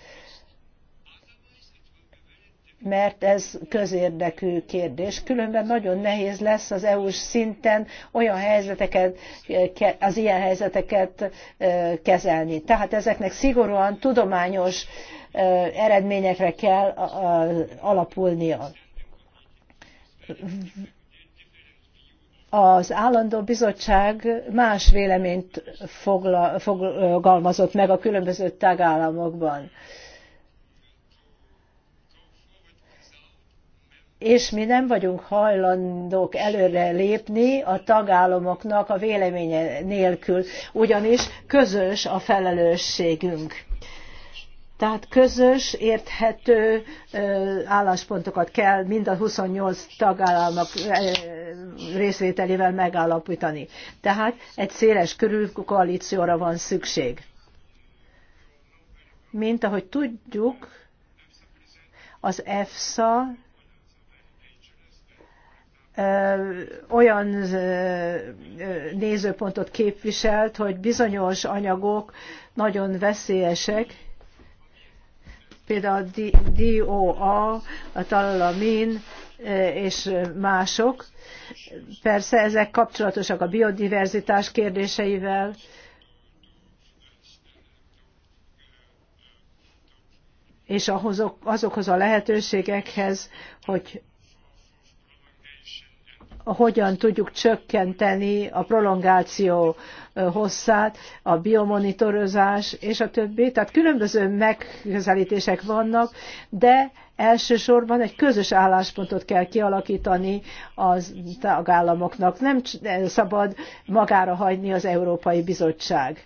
mert ez közérdekű kérdés. Különben nagyon nehéz lesz az EU-s szinten olyan helyzeteket, az ilyen helyzeteket kezelni. Tehát ezeknek szigorúan tudományos eredményekre kell alapulnia. Az állandó bizottság más véleményt fogalmazott meg a különböző tagállamokban és mi nem vagyunk hajlandók előre lépni a tagállamoknak a véleménye nélkül, ugyanis közös a felelősségünk. Tehát közös, érthető álláspontokat kell mind a 28 tagállamok részvételével megállapítani. Tehát egy széles körű koalícióra van szükség. Mint ahogy tudjuk, az EFSA olyan nézőpontot képviselt, hogy bizonyos anyagok nagyon veszélyesek, például a DOA, a talalamin és mások. Persze ezek kapcsolatosak a biodiverzitás kérdéseivel, és azokhoz a lehetőségekhez, hogy hogyan tudjuk csökkenteni a prolongáció hosszát, a biomonitorozás és a többi. Tehát különböző megközelítések vannak, de elsősorban egy közös álláspontot kell kialakítani az tagállamoknak. Nem eh, szabad magára hagyni az Európai Bizottság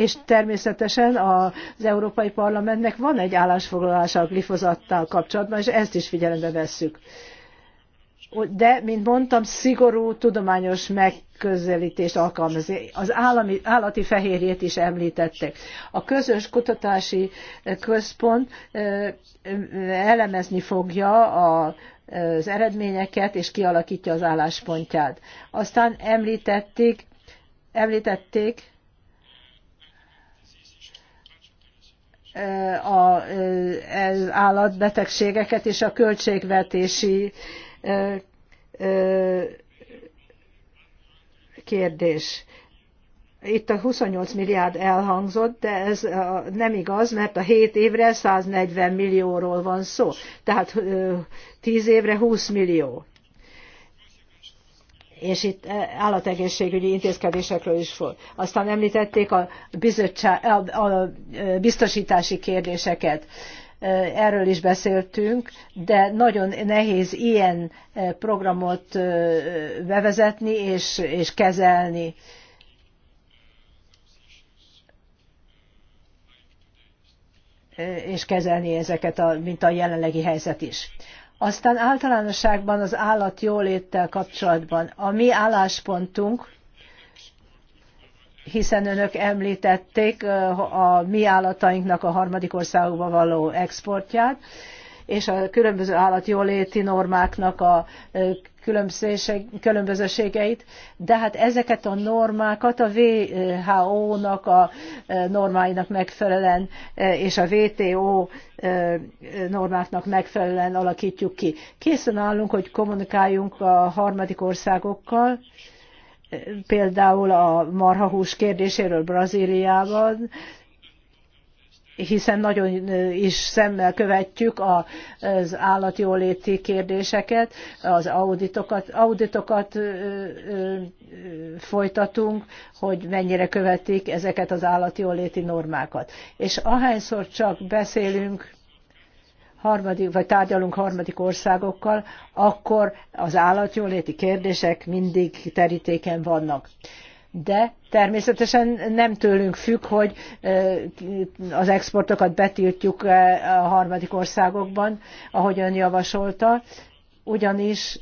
és természetesen az Európai Parlamentnek van egy állásfoglalása a glifozattal kapcsolatban, és ezt is figyelembe vesszük. De, mint mondtam, szigorú tudományos megközelítést alkalmazni. Az állami, állati fehérjét is említettek. A közös kutatási központ elemezni fogja a az eredményeket, és kialakítja az álláspontját. Aztán említették, említették az állatbetegségeket és a költségvetési kérdés. Itt a 28 milliárd elhangzott, de ez nem igaz, mert a 7 évre 140 millióról van szó. Tehát 10 évre 20 millió és itt eh, állategészségügyi intézkedésekről is volt. Aztán említették a, a, a eh, biztosítási kérdéseket. Eh, erről is beszéltünk, de nagyon nehéz ilyen programot bevezetni és, és kezelni. és kezelni ezeket, a, mint a jelenlegi helyzet is. Aztán általánosságban az állat jóléttel kapcsolatban. A mi álláspontunk, hiszen önök említették a mi állatainknak a harmadik országokba való exportját, és a különböző állatjóléti normáknak a különbözőségeit, de hát ezeket a normákat a WHO-nak a e, normáinak megfelelően e, és a WTO e, normáknak megfelelően alakítjuk ki. Készen állunk, hogy kommunikáljunk a harmadik országokkal, például a marhahús kérdéséről Brazíliában, hiszen nagyon is szemmel követjük az állatjóléti kérdéseket, az auditokat, auditokat folytatunk, hogy mennyire követik ezeket az állatjóléti normákat. És ahányszor csak beszélünk harmadik, vagy tárgyalunk harmadik országokkal, akkor az állatjóléti kérdések mindig terítéken vannak de természetesen nem tőlünk függ, hogy az exportokat betiltjuk a harmadik országokban, ahogy ön javasolta, ugyanis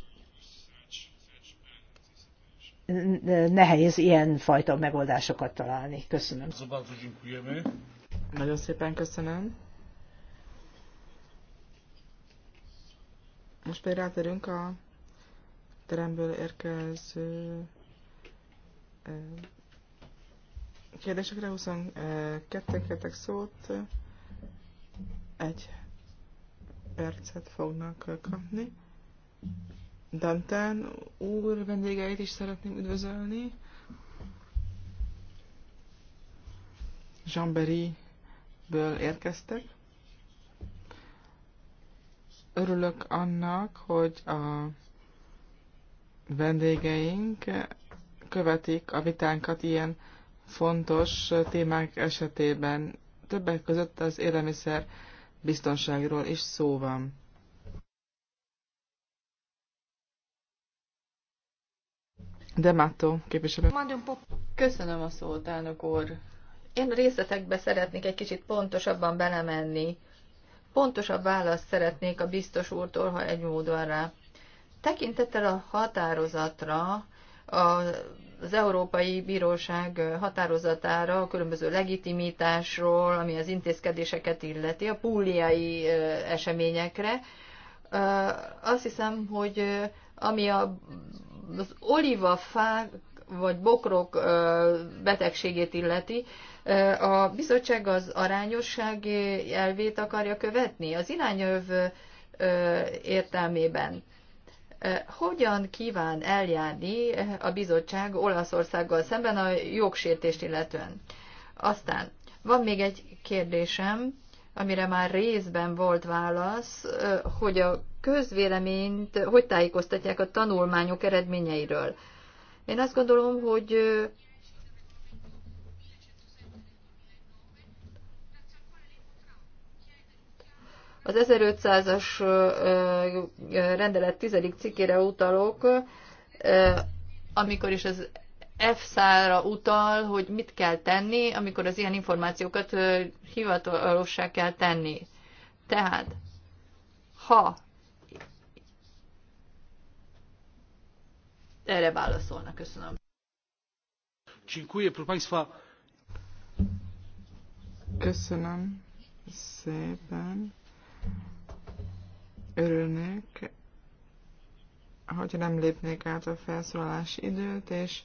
nehéz ilyen fajta megoldásokat találni. Köszönöm. Nagyon szépen köszönöm. Most pedig rátérünk a teremből érkező kérdésekre. 22 kértek szót. Egy percet fognak kapni. Dantán úr vendégeit is szeretném üdvözölni. ből érkeztek. Örülök annak, hogy a vendégeink követik a vitánkat ilyen fontos témák esetében. Többek között az élelmiszer biztonságról is szó van. Demato képviselő. Köszönöm a szót, elnök úr. Én a részletekbe szeretnék egy kicsit pontosabban belemenni. Pontosabb választ szeretnék a biztos úrtól, ha egy mód van rá. Tekintettel a határozatra, az Európai Bíróság határozatára a különböző legitimitásról, ami az intézkedéseket illeti, a púliai eseményekre. Azt hiszem, hogy ami a, az olivafák vagy bokrok betegségét illeti, a bizottság az arányosság elvét akarja követni az irányelv értelmében hogyan kíván eljárni eh, a bizottság Olaszországgal szemben a jogsértést illetően. Aztán van még egy kérdésem, amire már részben volt válasz, hogy a közvéleményt hogy tájékoztatják a tanulmányok eredményeiről. Én azt gondolom, hogy Az 1500-as rendelet tizedik cikkére utalok, amikor is az EFSA-ra utal, hogy mit kell tenni, amikor az ilyen információkat hivatalossá kell tenni. Tehát, ha erre válaszolna, köszönöm. Köszönöm szépen örülnék, hogy nem lépnék át a felszólalási időt, és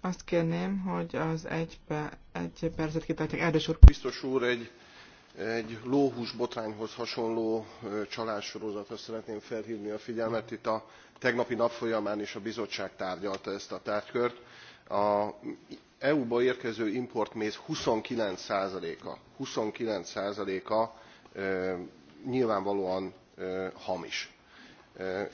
azt kérném, hogy az egybe, egy percet kitartják. Erdős úr. Biztos úr, egy, egy lóhús botrányhoz hasonló csalássorozatra szeretném felhívni a figyelmet. Itt a tegnapi nap folyamán is a bizottság tárgyalta ezt a tárgykört. A EU-ba érkező importméz 29%-a 29 nyilvánvalóan hamis.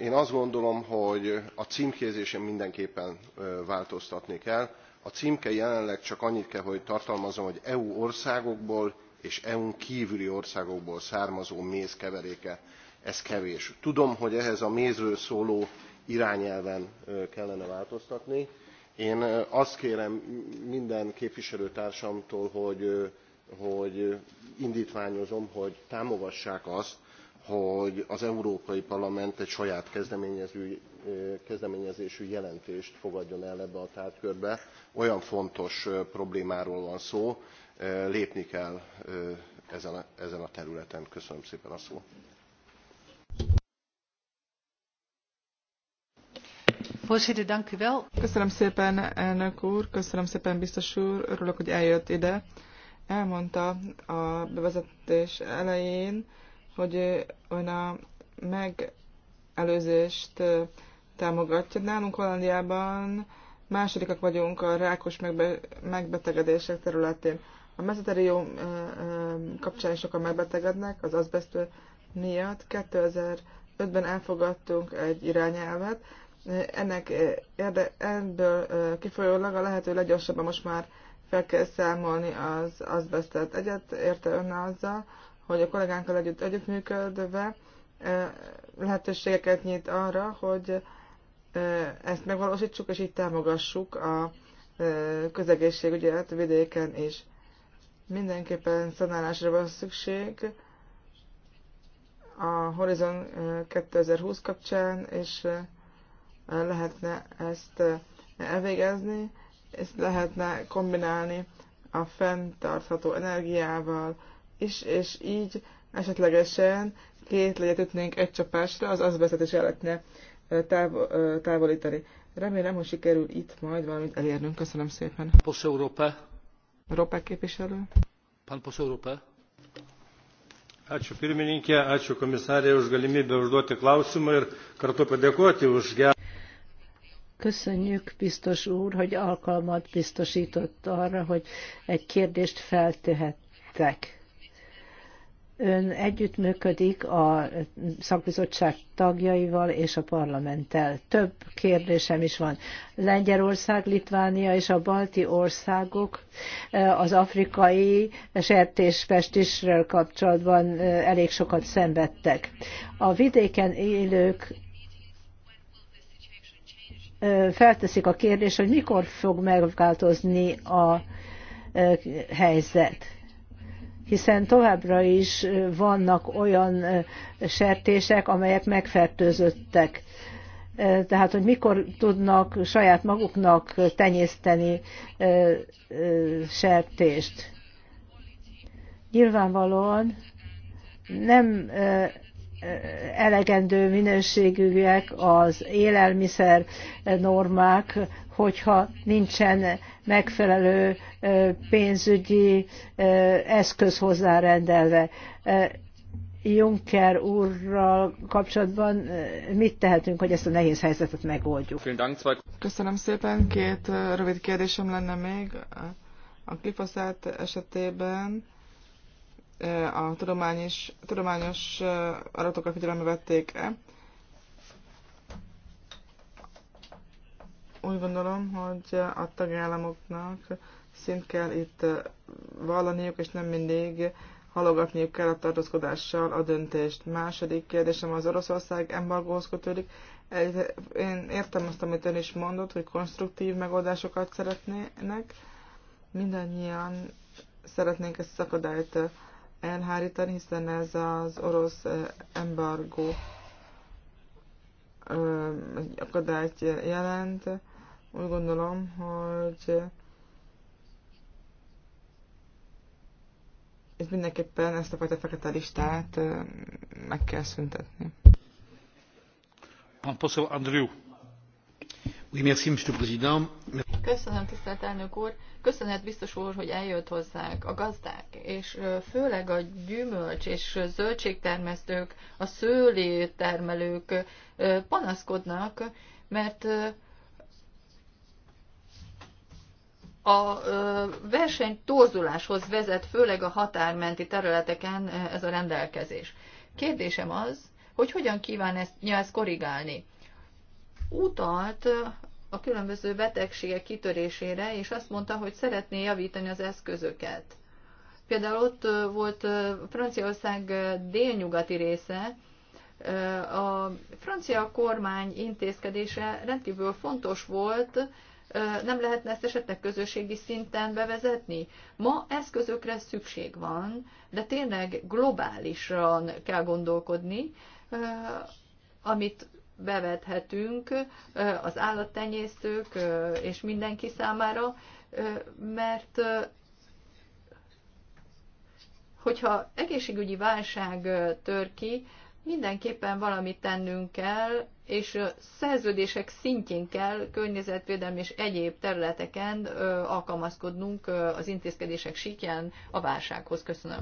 Én azt gondolom, hogy a címkézésen mindenképpen változtatni kell. A címke jelenleg csak annyit kell, hogy tartalmazom, hogy EU országokból és EU-n kívüli országokból származó méz keveréke. Ez kevés. Tudom, hogy ehhez a mézről szóló irányelven kellene változtatni. Én azt kérem minden képviselőtársamtól, hogy, hogy indítványozom, hogy támogassák azt, hogy az európai parlament egy saját kezdeményezésű jelentést fogadjon el ebbe a tárgykörbe olyan fontos problémáról van szó lépni kell ezen a, ezen a területen. köszönöm szépen a szót. Köszönöm szépen, elnök úr, köszönöm szépen, biztos úr, örülök, hogy eljött ide. Elmondta a bevezetés elején, hogy ön a megelőzést támogatja. Nálunk Hollandiában másodikak vagyunk a rákos megbe- megbetegedések területén. A mezeterió kapcsán is sokan megbetegednek az azbest miatt. 2005-ben elfogadtunk egy irányelvet. Ennek érde, ebből kifolyólag a lehető leggyorsabban most már fel kell számolni az azbestet. Egyet érte önne azzal, hogy a kollégánkkal együtt együttműködve lehetőségeket nyit arra, hogy ezt megvalósítsuk, és így támogassuk a közegészségügyet vidéken is. Mindenképpen szanálásra van szükség a Horizon 2020 kapcsán, és lehetne ezt elvégezni, ezt lehetne kombinálni a fenntartható energiával, és és így esetlegesen két legyet ütnénk egy csapásra, az azbesztet is el lehetne táv- távolítani. Remélem, hogy sikerül itt majd valamit elérnünk. Köszönöm szépen. Posz Európa. Európa képviselő. Pan Posz Európa. Ačiū pirmininkė, ačiū komisarė už galimybę užduoti klausimą ir kartu padėkoti už gerą. Köszönjük, biztos úr, hogy alkalmat biztosított arra, hogy egy kérdést feltehettek. Ön együttműködik a szakbizottság tagjaival és a parlamenttel. Több kérdésem is van. Lengyelország, Litvánia és a balti országok e, az afrikai sertéspestisről kapcsolatban e, elég sokat szenvedtek. A vidéken élők e, felteszik a kérdést, hogy mikor fog megváltozni a helyzet hiszen továbbra is vannak olyan sertések, amelyek megfertőzöttek. Tehát, hogy mikor tudnak saját maguknak tenyészteni sertést. Nyilvánvalóan nem elegendő minőségűek az élelmiszer normák, hogyha nincsen megfelelő pénzügyi eszköz hozzárendelve. Juncker úrral kapcsolatban mit tehetünk, hogy ezt a nehéz helyzetet megoldjuk? Köszönöm szépen. Két rövid kérdésem lenne még. A kifaszát esetében a tudományos, tudományos adatokat figyelembe vették-e. Úgy gondolom, hogy a tagállamoknak szint kell itt vallaniuk, és nem mindig halogatniuk kell a tartózkodással a döntést. Második kérdésem az Oroszország embargóhoz kötődik. Én értem azt, amit ön is mondott, hogy konstruktív megoldásokat szeretnének. Mindannyian szeretnénk ezt szakadályt elhárítani, hiszen ez az orosz embargó egy akadályt jelent. Úgy gondolom, hogy itt mindenképpen ezt a fajta fekete listát meg kell szüntetni. Pan poseł Andrew. Oui, merci, monsieur le président. Köszönöm, tisztelt elnök úr. Köszönet biztos úr, hogy eljött hozzánk a gazdák, és főleg a gyümölcs és zöldségtermesztők, a termelők panaszkodnak, mert a verseny torzuláshoz vezet, főleg a határmenti területeken ez a rendelkezés. Kérdésem az, hogy hogyan kíván ezt, ezt korrigálni. Utalt a különböző betegségek kitörésére, és azt mondta, hogy szeretné javítani az eszközöket. Például ott volt Franciaország délnyugati része, a francia kormány intézkedése rendkívül fontos volt, nem lehetne ezt esetleg közösségi szinten bevezetni? Ma eszközökre szükség van, de tényleg globálisan kell gondolkodni, amit bevethetünk az állattenyésztők és mindenki számára, mert hogyha egészségügyi válság tör ki, mindenképpen valamit tennünk kell, és szerződések szintjén kell környezetvédelmi és egyéb területeken alkalmazkodnunk az intézkedések síkján a válsághoz. Köszönöm.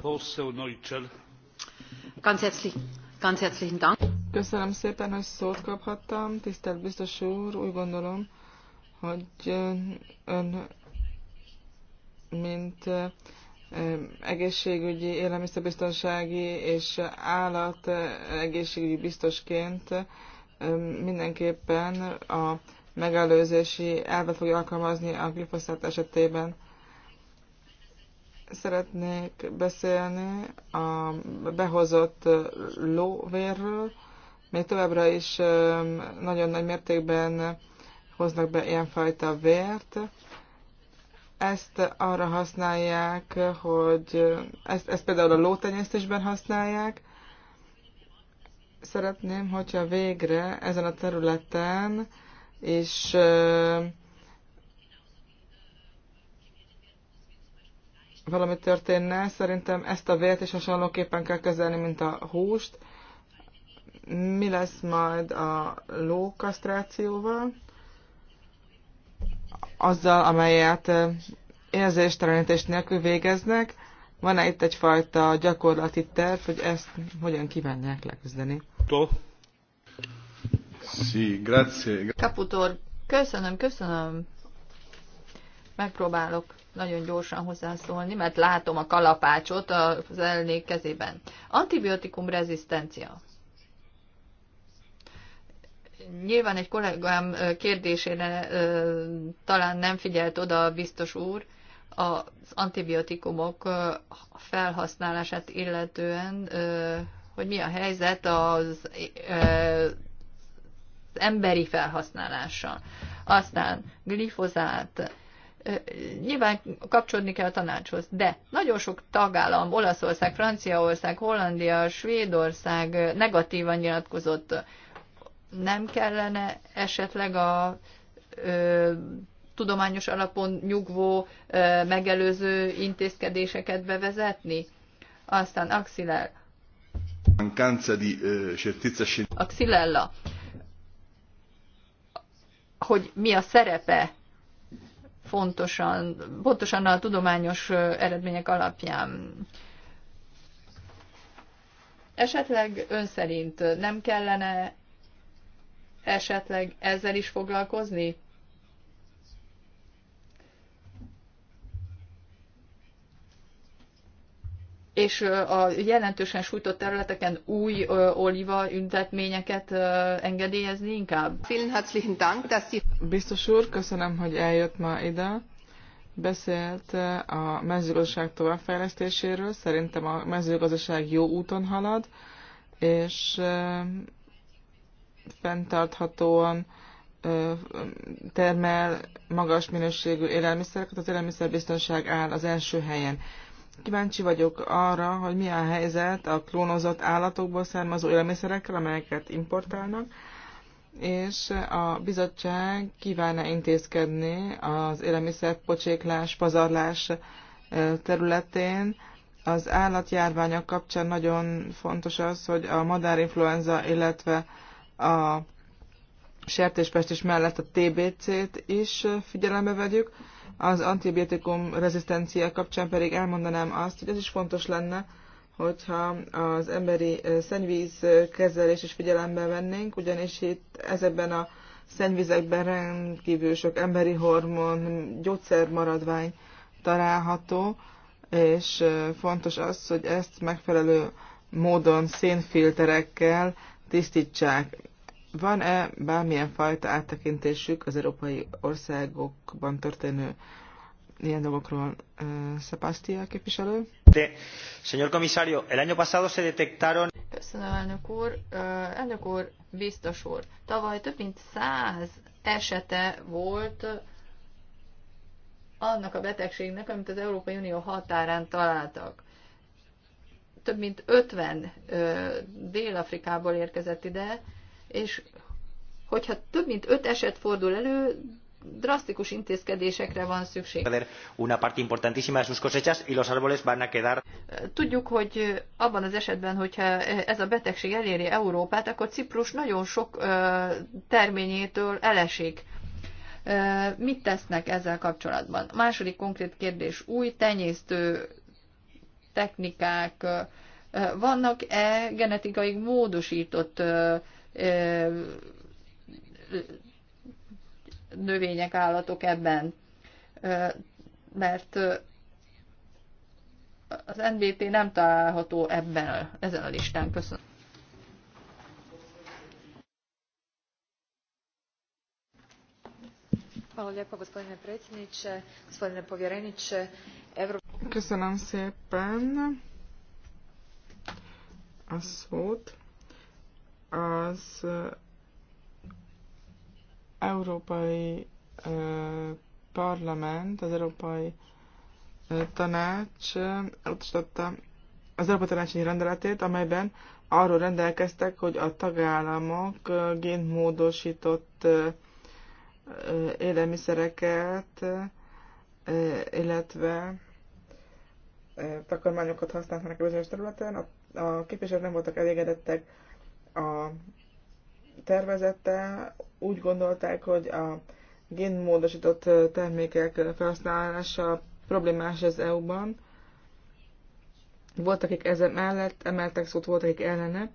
Ganz herzlichen Dank. Köszönöm szépen, hogy szót kaphattam. Tisztelt biztos úr, úgy gondolom, hogy ön, mint egészségügyi, élelmiszerbiztonsági és állat egészségügyi biztosként mindenképpen a megelőzési elvet fogja alkalmazni a glifoszát esetében szeretnék beszélni a behozott lóvérről. Még továbbra is nagyon nagy mértékben hoznak be ilyenfajta vért. Ezt arra használják, hogy ezt, ezt például a lótenyésztésben használják. Szeretném, hogyha végre ezen a területen és valami történne, szerintem ezt a vért is hasonlóképpen kell kezelni, mint a húst. Mi lesz majd a lókasztrációval? Azzal, amelyet érzéstelenítés nélkül végeznek, van-e itt egyfajta gyakorlati terv, hogy ezt hogyan kívánják leküzdeni? Sí, grazie. Kaputor, köszönöm, köszönöm. Megpróbálok nagyon gyorsan hozzászólni, mert látom a kalapácsot az elnék kezében. Antibiotikum rezisztencia. Nyilván egy kollégám kérdésére talán nem figyelt oda a biztos úr, az antibiotikumok felhasználását illetően, hogy mi a helyzet az, az emberi felhasználással. Aztán glifozát, nyilván kapcsolódni kell a tanácshoz, de nagyon sok tagállam, Olaszország, Franciaország, Hollandia, Svédország negatívan nyilatkozott. Nem kellene esetleg a ö, tudományos alapon nyugvó ö, megelőző intézkedéseket bevezetni? Aztán Axilel. Axilella. Hogy mi a szerepe fontosan, pontosan a tudományos eredmények alapján. Esetleg ön szerint nem kellene esetleg ezzel is foglalkozni? és a jelentősen sújtott területeken új oliva ültetményeket engedélyezni inkább? Vielen herzlichen Dank, dass Sie... Biztos úr, köszönöm, hogy eljött ma ide. Beszélt a mezőgazdaság továbbfejlesztéséről, szerintem a mezőgazdaság jó úton halad, és fenntarthatóan termel magas minőségű élelmiszereket, az élelmiszerbiztonság áll az első helyen. Kíváncsi vagyok arra, hogy mi a helyzet a klónozott állatokból származó élelmiszerekkel, amelyeket importálnak, és a bizottság kívánna intézkedni az élelmiszerpocséklás, pazarlás területén. Az állatjárványok kapcsán nagyon fontos az, hogy a madárinfluenza, illetve a sertéspest is mellett a TBC-t is figyelembe vegyük az antibiotikum rezisztencia kapcsán pedig elmondanám azt, hogy ez is fontos lenne, hogyha az emberi szennyvíz kezelés is figyelembe vennénk, ugyanis itt ezekben a szennyvizekben rendkívül sok emberi hormon, gyógyszermaradvány található, és fontos az, hogy ezt megfelelő módon szénfilterekkel tisztítsák. Van-e bármilyen fajta áttekintésük az európai országokban történő ilyen dolgokról uh, Sebastián képviselő? De, señor comisario, el año pasado se detectaron... Köszönöm, elnök úr. Uh, elnök úr, biztos úr, tavaly több mint száz esete volt annak a betegségnek, amit az Európai Unió határán találtak. Több mint 50 uh, Dél-Afrikából érkezett ide, és hogyha több mint öt eset fordul elő, drasztikus intézkedésekre van szükség. Una parte importantísima de sus cosechas y los árboles van a quedar. Tudjuk, hogy abban az esetben, hogyha ez a betegség eléri Európát, akkor Ciprus nagyon sok terményétől elesik. Mit tesznek ezzel kapcsolatban? A második konkrét kérdés, új tenyésztő technikák, vannak-e genetikai módosított növények, állatok ebben. Mert az NBT nem található ebben, ezen a listán. Köszönöm. köszönöm szépen a szót az Európai Parlament, az Európai Tanács utasította az Európai Tanácsi rendeletét, amelyben arról rendelkeztek, hogy a tagállamok génmódosított élelmiszereket, illetve takarmányokat használhatnak a bizonyos területen. A képviselők nem voltak elégedettek a tervezette úgy gondolták, hogy a génmódosított termékek felhasználása problémás az EU-ban. Voltak, akik ezen mellett emeltek szót, voltak, akik ellene.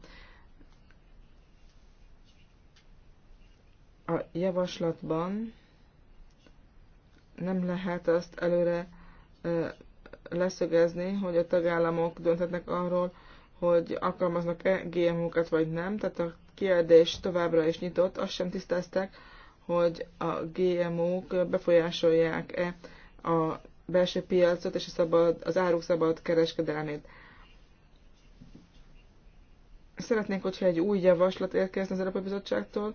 A javaslatban nem lehet azt előre leszögezni, hogy a tagállamok dönthetnek arról, hogy alkalmaznak-e GMO-kat vagy nem, tehát a kérdés továbbra is nyitott, azt sem tisztáztak, hogy a GMO-k befolyásolják-e a belső piacot és a szabad, az áruk szabad kereskedelmét. Szeretnénk, hogyha egy új javaslat érkezne az Európai Bizottságtól.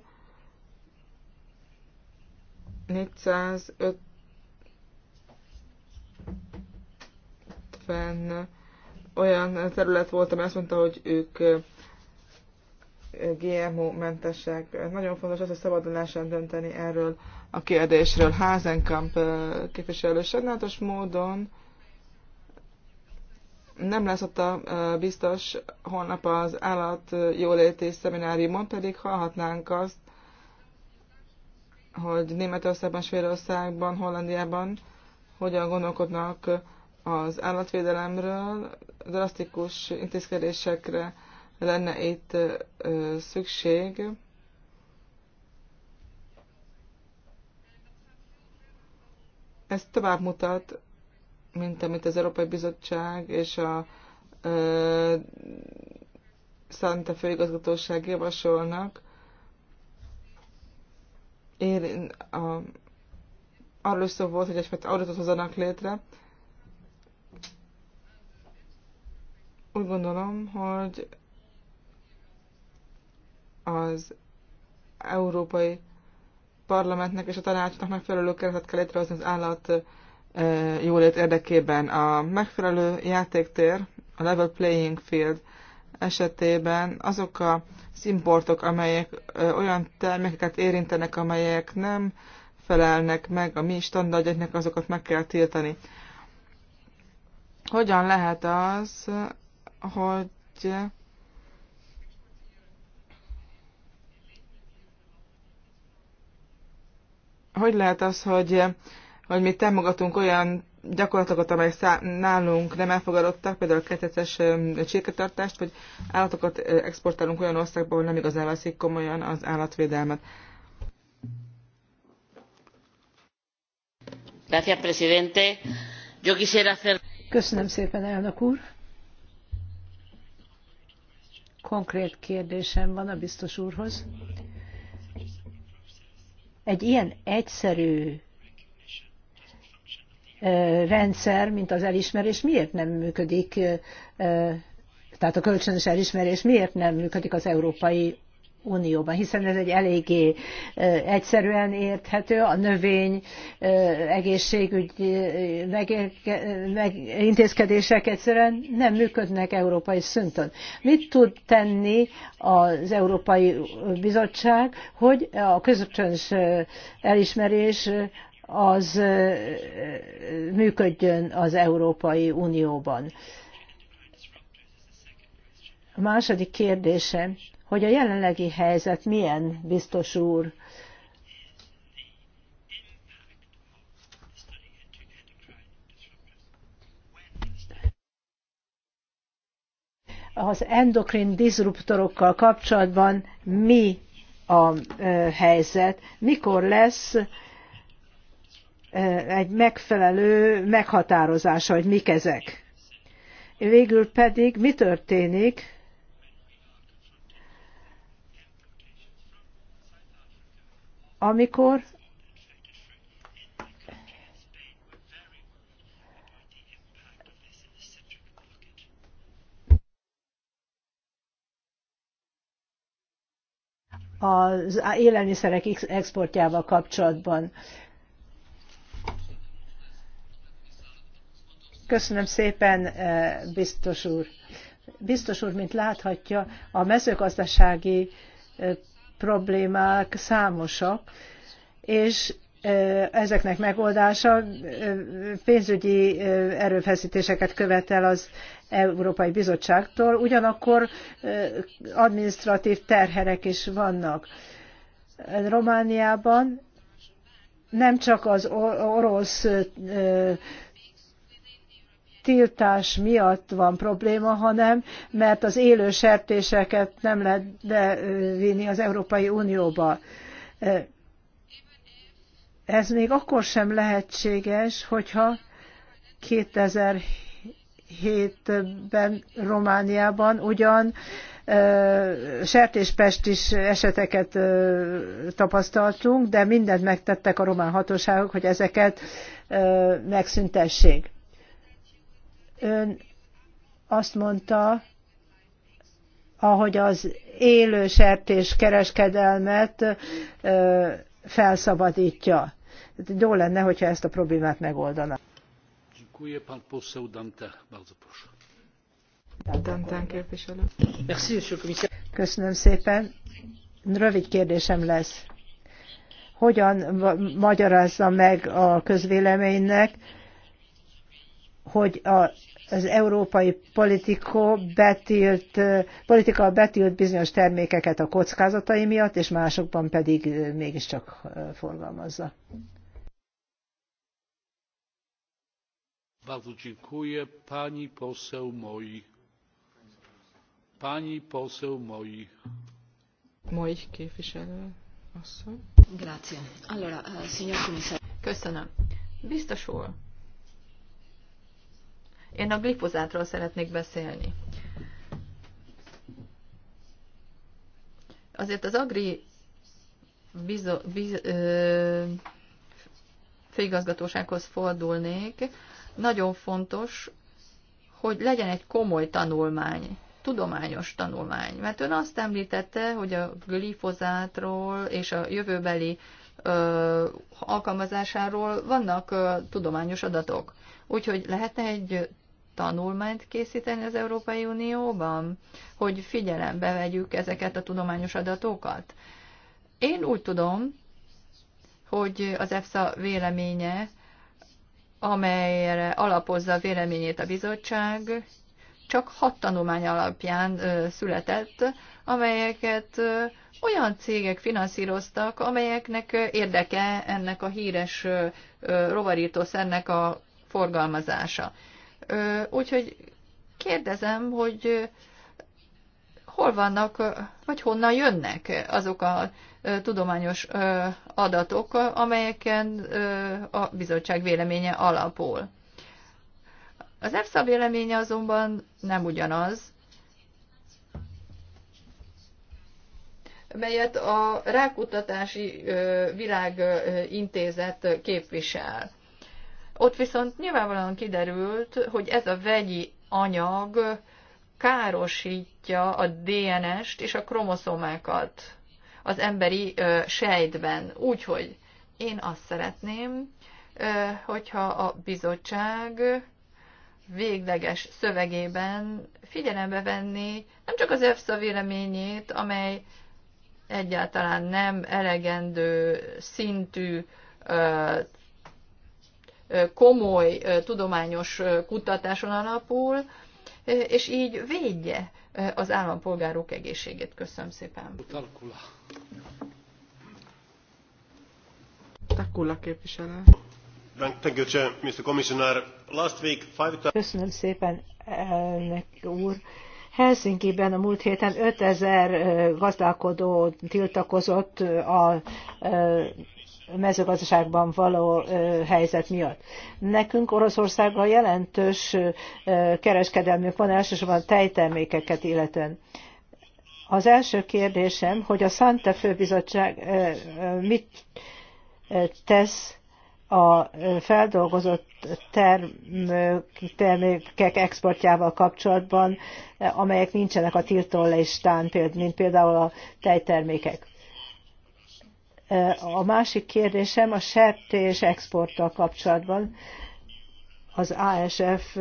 450 olyan terület volt, ami azt mondta, hogy ők GMO-mentesek. Nagyon fontos az, hogy szabadon lehessen dönteni erről a kérdésről. Házenkamp képviselő sajnálatos módon nem lesz ott a biztos holnap az állat jóléti szemináriumon, pedig hallhatnánk azt, hogy Németországban, Svédországban, Hollandiában hogyan gondolkodnak az állatvédelemről, drasztikus intézkedésekre lenne itt szükség. Ez tovább mutat, mint amit az Európai Bizottság és a ö, Főigazgatóság javasolnak. Én, a, arról is szó volt, hogy egyfajta auditot hozzanak létre, Úgy gondolom, hogy az Európai Parlamentnek és a tanácsnak megfelelő keretet kell létrehozni az állat jólét érdekében. A megfelelő játéktér, a level playing field esetében azok a szimportok, amelyek olyan termékeket érintenek, amelyek nem felelnek meg a mi standardjainknak, azokat meg kell tiltani. Hogyan lehet az, hogy hogy lehet az, hogy, hogy mi támogatunk olyan gyakorlatokat, amely szá- nálunk nem elfogadottak, például ketteces csirketartást, vagy állatokat exportálunk olyan országba, ahol nem igazán veszik komolyan az állatvédelmet. Köszönöm szépen, elnök úr! konkrét kérdésem van a biztos úrhoz. Egy ilyen egyszerű rendszer, mint az elismerés, miért nem működik, tehát a kölcsönös elismerés miért nem működik az Európai Unióban, hiszen ez egy eléggé egyszerűen érthető, a növény egészségügyi meg, meg, intézkedések egyszerűen nem működnek európai szinten. Mit tud tenni az Európai Bizottság, hogy a közöcsöns elismerés az működjön az Európai Unióban? A második kérdésem, hogy a jelenlegi helyzet milyen, biztos úr. Az endokrin diszruptorokkal kapcsolatban mi a helyzet, mikor lesz egy megfelelő meghatározása, hogy mik ezek. Végül pedig mi történik, amikor az élelmiszerek exportjával kapcsolatban. Köszönöm szépen, eh, biztos úr. Biztos úr, mint láthatja, a mezőgazdasági eh, problémák számosak, és ezeknek megoldása pénzügyi erőfeszítéseket követel az Európai Bizottságtól, ugyanakkor administratív terherek is vannak. Romániában nem csak az orosz tiltás miatt van probléma, hanem mert az élő sertéseket nem lehet bevinni az Európai Unióba. Ez még akkor sem lehetséges, hogyha 2007-ben Romániában ugyan sertéspest is eseteket tapasztaltunk, de mindent megtettek a román hatóságok, hogy ezeket megszüntessék. Ön azt mondta, ahogy az élő sertés kereskedelmet felszabadítja. Jó lenne, hogyha ezt a problémát megoldana. Dziękuję. Pan poseł Dante, bardzo proszę. Köszönöm szépen. Rövid kérdésem lesz. Hogyan magyarázza meg a közvéleménynek, hogy a, az európai politika betilt, politika betilt bizonyos termékeket a kockázatai miatt, és másokban pedig mégiscsak forgalmazza. Bardzo dziękuję. Pani poseł Moi. Pani poseł Moi. moich képviselő asszony. Grazie. Allora, eh, signor commissario. Köszönöm. Biztos úr, én a glifozátról szeretnék beszélni. Azért az Agri bizo, biz, ö, főigazgatósághoz fordulnék. Nagyon fontos, hogy legyen egy komoly tanulmány, tudományos tanulmány. Mert ön azt említette, hogy a glifozátról és a jövőbeli ö, alkalmazásáról vannak ö, tudományos adatok. Úgyhogy lehetne egy tanulmányt készíteni az Európai Unióban, hogy figyelembe vegyük ezeket a tudományos adatokat? Én úgy tudom, hogy az EFSA véleménye, amelyre alapozza a véleményét a bizottság, csak hat tanulmány alapján született, amelyeket olyan cégek finanszíroztak, amelyeknek érdeke ennek a híres rovarítószernek a forgalmazása. Úgyhogy kérdezem, hogy hol vannak, vagy honnan jönnek azok a tudományos adatok, amelyeken a bizottság véleménye alapul. Az EFSA véleménye azonban nem ugyanaz, melyet a Rákutatási Világintézet képvisel. Ott viszont nyilvánvalóan kiderült, hogy ez a vegyi anyag károsítja a DNS-t és a kromoszomákat az emberi ö, sejtben. Úgyhogy én azt szeretném, ö, hogyha a bizottság végleges szövegében figyelembe venni nem csak az EFSA véleményét, amely egyáltalán nem elegendő szintű komoly tudományos kutatáson alapul, és így védje az állampolgárok egészségét. Köszönöm szépen. Takula. Takula képviselő. Köszönöm szépen, elnök úr. Helsinki-ben a múlt héten 5000 gazdálkodó tiltakozott a mezőgazdaságban való helyzet miatt. Nekünk Oroszországgal jelentős kereskedelmünk van, elsősorban tejtermékeket illetően. Az első kérdésem, hogy a Szante Főbizottság mit tesz a feldolgozott termékek exportjával kapcsolatban, amelyek nincsenek a tiltó listán, mint például a tejtermékek. A másik kérdésem a sertés exporttal kapcsolatban az ASF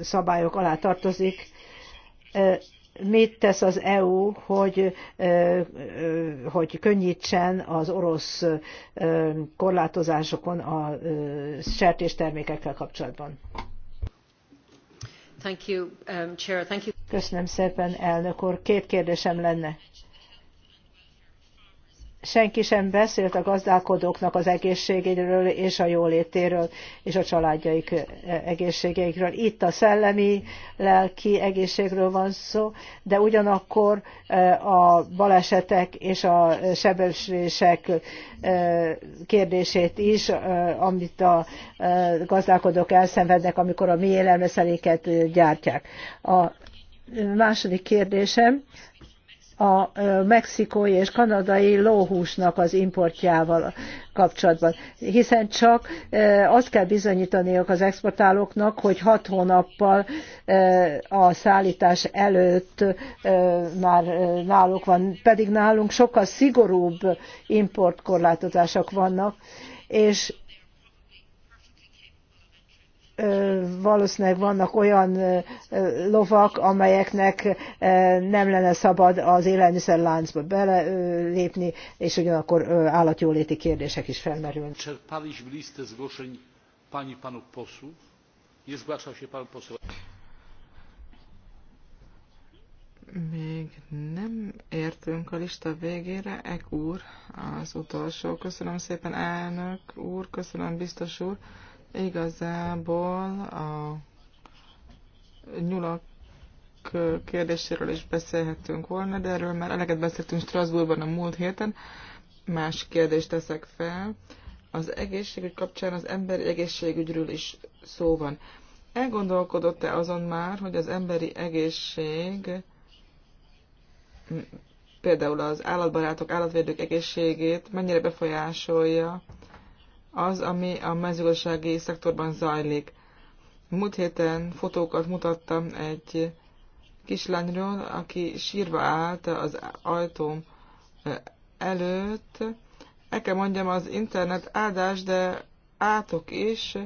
szabályok alá tartozik. Mit tesz az EU, hogy, hogy könnyítsen az orosz korlátozásokon a sertéstermékekkel kapcsolatban? Thank you, um, Chair. Thank you. Köszönöm szépen, elnök úr. Két kérdésem lenne senki sem beszélt a gazdálkodóknak az egészségéről és a jólétéről és a családjaik egészségeikről. Itt a szellemi, lelki egészségről van szó, de ugyanakkor a balesetek és a sebesülések kérdését is, amit a gazdálkodók elszenvednek, amikor a mi élelmeszeréket gyártják. A második kérdésem a mexikói és kanadai lóhúsnak az importjával kapcsolatban. Hiszen csak azt kell bizonyítaniuk az exportálóknak, hogy hat hónappal a szállítás előtt már náluk van, pedig nálunk sokkal szigorúbb importkorlátozások vannak, és valószínűleg vannak olyan lovak, amelyeknek nem lenne szabad az élelmiszerláncba belépni, és ugyanakkor állatjóléti kérdések is felmerülnek. Még nem értünk a lista végére. Ek úr, az utolsó. Köszönöm szépen, elnök úr, köszönöm, biztos úr. Igazából a nyulak kérdéséről is beszélhetünk volna, de erről már eleget beszéltünk Strasbourgban a múlt héten. Más kérdést teszek fel. Az egészségügy kapcsán az emberi egészségügyről is szó van. Elgondolkodott-e azon már, hogy az emberi egészség, például az állatbarátok, állatvédők egészségét mennyire befolyásolja az, ami a mezőgazdasági szektorban zajlik. Múlt héten fotókat mutattam egy kislányról, aki sírva állt az ajtóm előtt. El kell mondjam, az internet áldás, de átok is,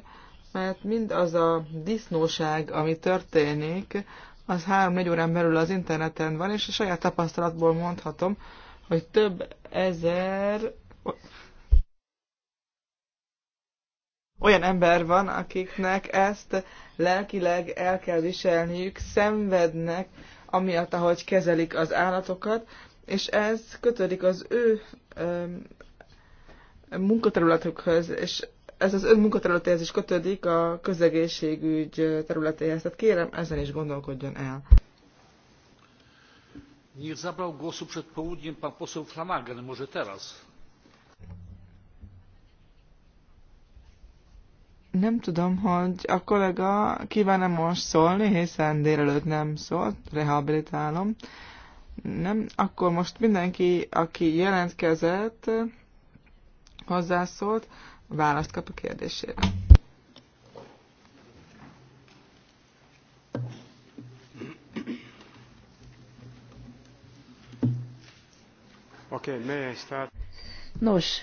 mert mind az a disznóság, ami történik, az 3-4 órán belül az interneten van, és a saját tapasztalatból mondhatom, hogy több ezer olyan ember van, akiknek ezt lelkileg el kell viselniük, szenvednek, amiatt, ahogy kezelik az állatokat, és ez kötődik az ő munkaterületükhöz, és ez az ön munkaterületéhez is kötődik a közegészségügy területéhez. Tehát kérem, ezen is gondolkodjon el. Niech zabrał głosu przed południem pan poseł Flanagan, może teraz. Nem tudom, hogy a kollega kíván-e most szólni, hiszen délelőtt nem szólt, rehabilitálom. Nem? Akkor most mindenki, aki jelentkezett, hozzászólt, választ kap a kérdésére. Okay, may I start? Nos,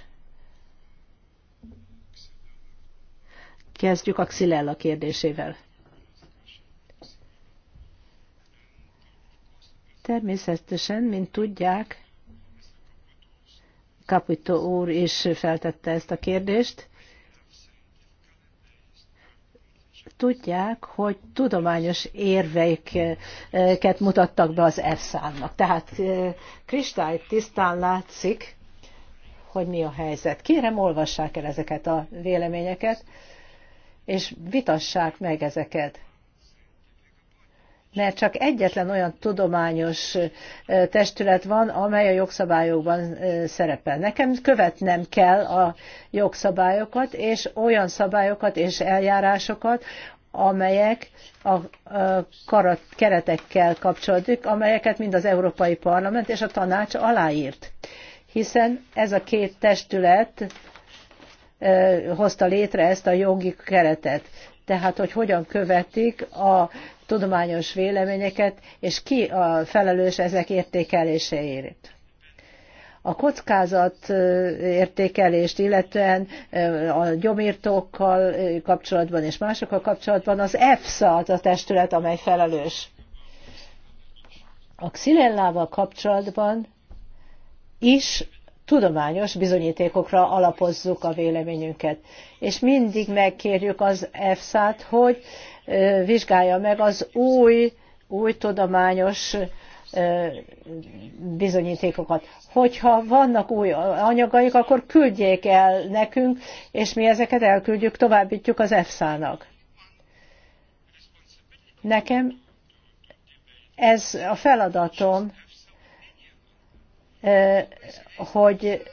kezdjük a Xilella kérdésével. Természetesen, mint tudják, Kapitó úr is feltette ezt a kérdést. Tudják, hogy tudományos érveiket mutattak be az f -számnak. Tehát eh, kristály tisztán látszik, hogy mi a helyzet. Kérem, olvassák el ezeket a véleményeket, és vitassák meg ezeket. Mert csak egyetlen olyan tudományos testület van, amely a jogszabályokban szerepel. Nekem követnem kell a jogszabályokat, és olyan szabályokat és eljárásokat, amelyek a karat, keretekkel kapcsolódik, amelyeket mind az Európai Parlament és a Tanács aláírt. Hiszen ez a két testület hozta létre ezt a jogi keretet. Tehát, hogy hogyan követik a tudományos véleményeket, és ki a felelős ezek értékeléseért. A kockázat értékelést, illetően a gyomírtókkal kapcsolatban és másokkal kapcsolatban az EFSA az a testület, amely felelős. A xilellával kapcsolatban is tudományos bizonyítékokra alapozzuk a véleményünket. És mindig megkérjük az EFSA-t, hogy vizsgálja meg az új, új tudományos bizonyítékokat. Hogyha vannak új anyagaik, akkor küldjék el nekünk, és mi ezeket elküldjük, továbbítjuk az EFSA-nak. Nekem ez a feladatom, hogy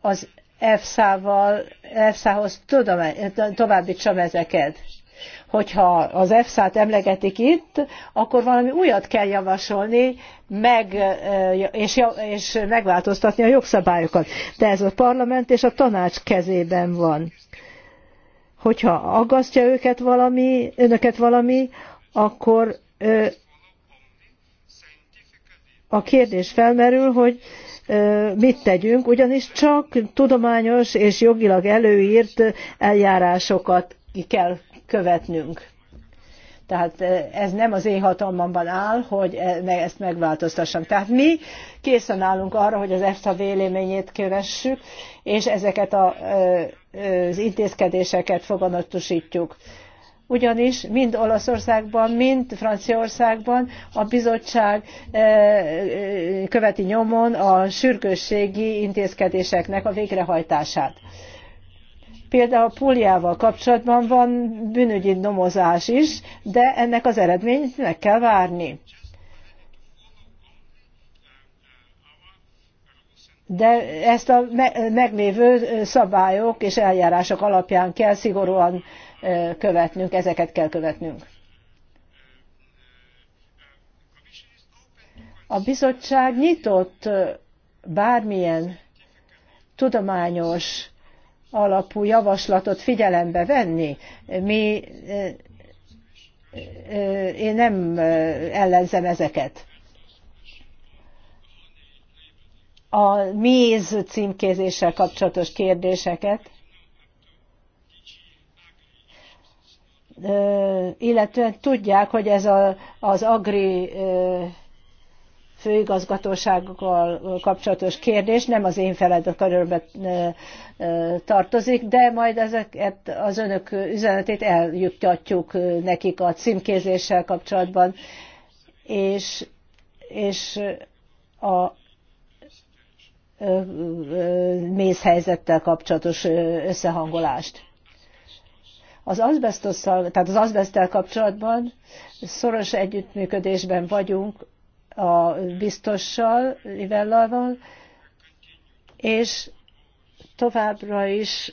az EFSA-val, EFSA-hoz továbbítsam ezeket. Hogyha az EFSA-t emlegetik itt, akkor valami újat kell javasolni, meg, és, és megváltoztatni a jogszabályokat. De ez a parlament és a tanács kezében van. Hogyha aggasztja őket valami, önöket valami, akkor a kérdés felmerül, hogy mit tegyünk, ugyanis csak tudományos és jogilag előírt eljárásokat ki kell követnünk. Tehát ez nem az én hatalmamban áll, hogy e, ezt megváltoztassam. Tehát mi készen állunk arra, hogy az EFSA véleményét kövessük, és ezeket a, az intézkedéseket foganatosítjuk ugyanis mind Olaszországban, mind Franciaországban a bizottság eh, eh, követi nyomon a sürgősségi intézkedéseknek a végrehajtását. Például a púliával kapcsolatban van bűnügyi nomozás is, de ennek az eredményt meg kell várni. de ezt a meglévő szabályok és eljárások alapján kell szigorúan követnünk, ezeket kell követnünk. A bizottság nyitott bármilyen tudományos alapú javaslatot figyelembe venni. Mi, én nem ellenzem ezeket. A méz címkézéssel kapcsolatos kérdéseket illetően tudják, hogy ez a, az agri főigazgatósággal kapcsolatos kérdés nem az én feladatkörömbe tartozik, de majd ezeket az önök üzenetét eljuttatjuk nekik a címkézéssel kapcsolatban, és, és a mézhelyzettel kapcsolatos összehangolást. Az azbestosszal, tehát az azbesztel kapcsolatban szoros együttműködésben vagyunk a biztossal, Livellával, és továbbra is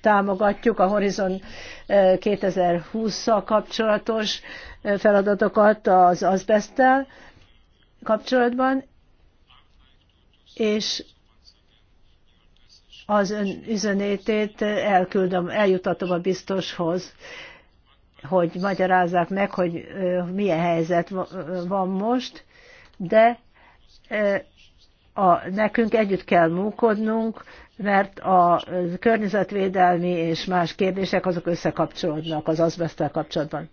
támogatjuk a Horizon 2020-szal kapcsolatos feladatokat az azbesztel kapcsolatban, és az ön üzenétét elküldöm, eljutatom a biztoshoz, hogy magyarázzák meg, hogy milyen helyzet van most, de a, nekünk együtt kell munkodnunk, mert a környezetvédelmi és más kérdések azok összekapcsolódnak az azbesztel kapcsolatban.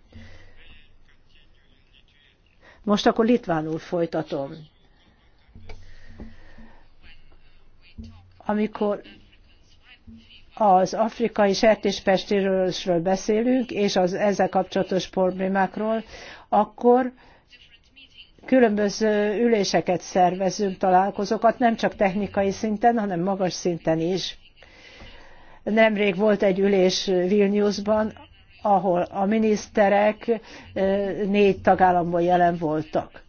Most akkor litvánul folytatom. Amikor az afrikai sertéspestérősről beszélünk, és az ezzel kapcsolatos problémákról, akkor különböző üléseket szervezünk, találkozókat, nem csak technikai szinten, hanem magas szinten is. Nemrég volt egy ülés Vilniusban, ahol a miniszterek eh, négy tagállamból jelen voltak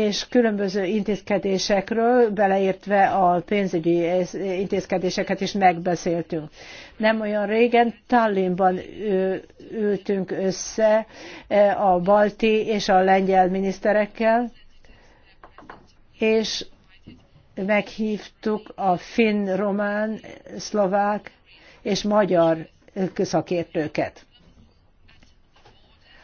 és különböző intézkedésekről, beleértve a pénzügyi intézkedéseket is megbeszéltünk. Nem olyan régen Tallinnban ültünk össze e, a balti és a lengyel miniszterekkel, és meghívtuk a finn, román, szlovák és magyar szakértőket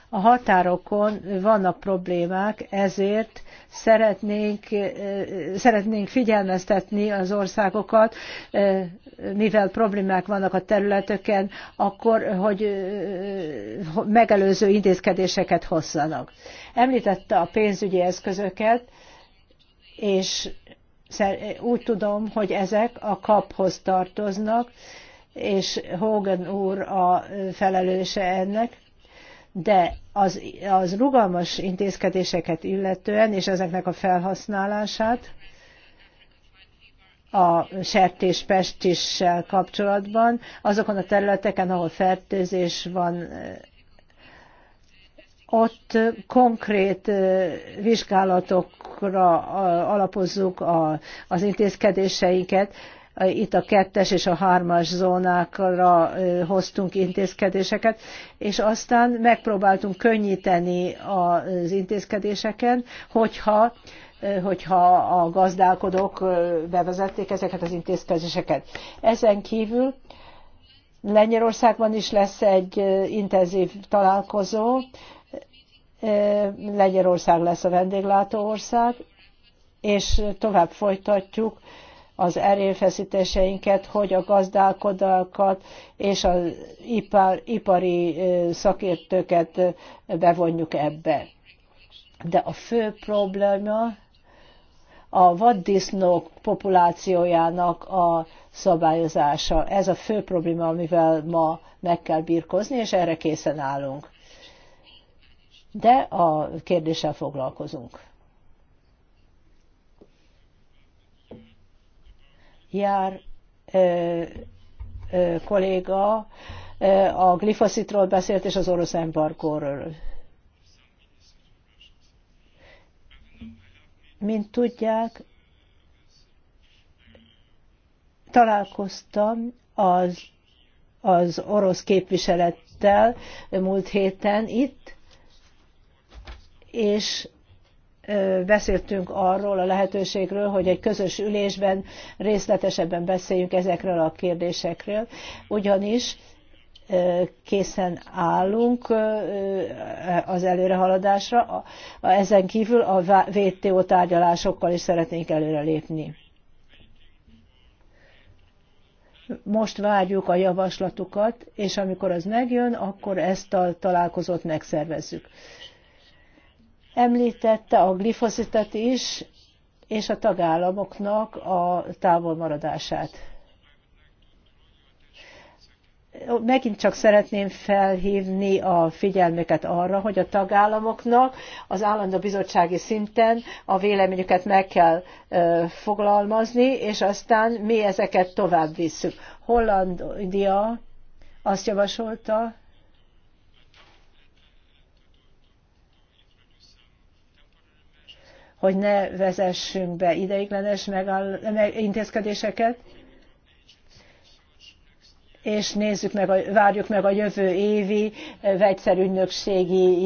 a határokon vannak problémák, ezért szeretnénk, eh, szeretnénk figyelmeztetni az országokat, eh, mivel problémák vannak a területeken, akkor, hogy eh, megelőző intézkedéseket hozzanak. Említette a pénzügyi eszközöket, és úgy tudom, hogy ezek a kaphoz tartoznak, és Hogan úr a felelőse ennek de az, az rugalmas intézkedéseket illetően, és ezeknek a felhasználását a sertéspestissel kapcsolatban, azokon a területeken, ahol fertőzés van, ott konkrét vizsgálatokra alapozzuk az intézkedéseinket, itt a kettes és a hármas zónákra hoztunk intézkedéseket, és aztán megpróbáltunk könnyíteni az intézkedéseken, hogyha hogyha a gazdálkodók bevezették ezeket az intézkedéseket. Ezen kívül Lengyelországban is lesz egy intenzív találkozó, Lengyelország lesz a vendéglátó ország, és tovább folytatjuk az erőfeszítéseinket, hogy a gazdálkodókat és az ipar, ipari szakértőket bevonjuk ebbe. De a fő probléma a vaddisznók populációjának a szabályozása. Ez a fő probléma, amivel ma meg kell birkozni, és erre készen állunk. De a kérdéssel foglalkozunk. jár ö, ö, kolléga ö, a glifoszitról beszélt, és az orosz embargóról. Mint tudják, találkoztam az, az orosz képviselettel múlt héten itt, és beszéltünk arról a lehetőségről, hogy egy közös ülésben részletesebben beszéljünk ezekről a kérdésekről, ugyanis készen állunk az előrehaladásra, ezen kívül a VTO tárgyalásokkal is szeretnénk előrelépni. Most várjuk a javaslatukat, és amikor az megjön, akkor ezt a találkozót megszervezzük. Említette a glifoszitat is, és a tagállamoknak a távolmaradását. Megint csak szeretném felhívni a figyelmüket arra, hogy a tagállamoknak az állandó bizottsági szinten a véleményüket meg kell ö, foglalmazni, és aztán mi ezeket tovább visszük. Hollandia azt javasolta, hogy ne vezessünk be ideiglenes intézkedéseket, és nézzük meg, várjuk meg a jövő évi eh, vegyszerügynökségi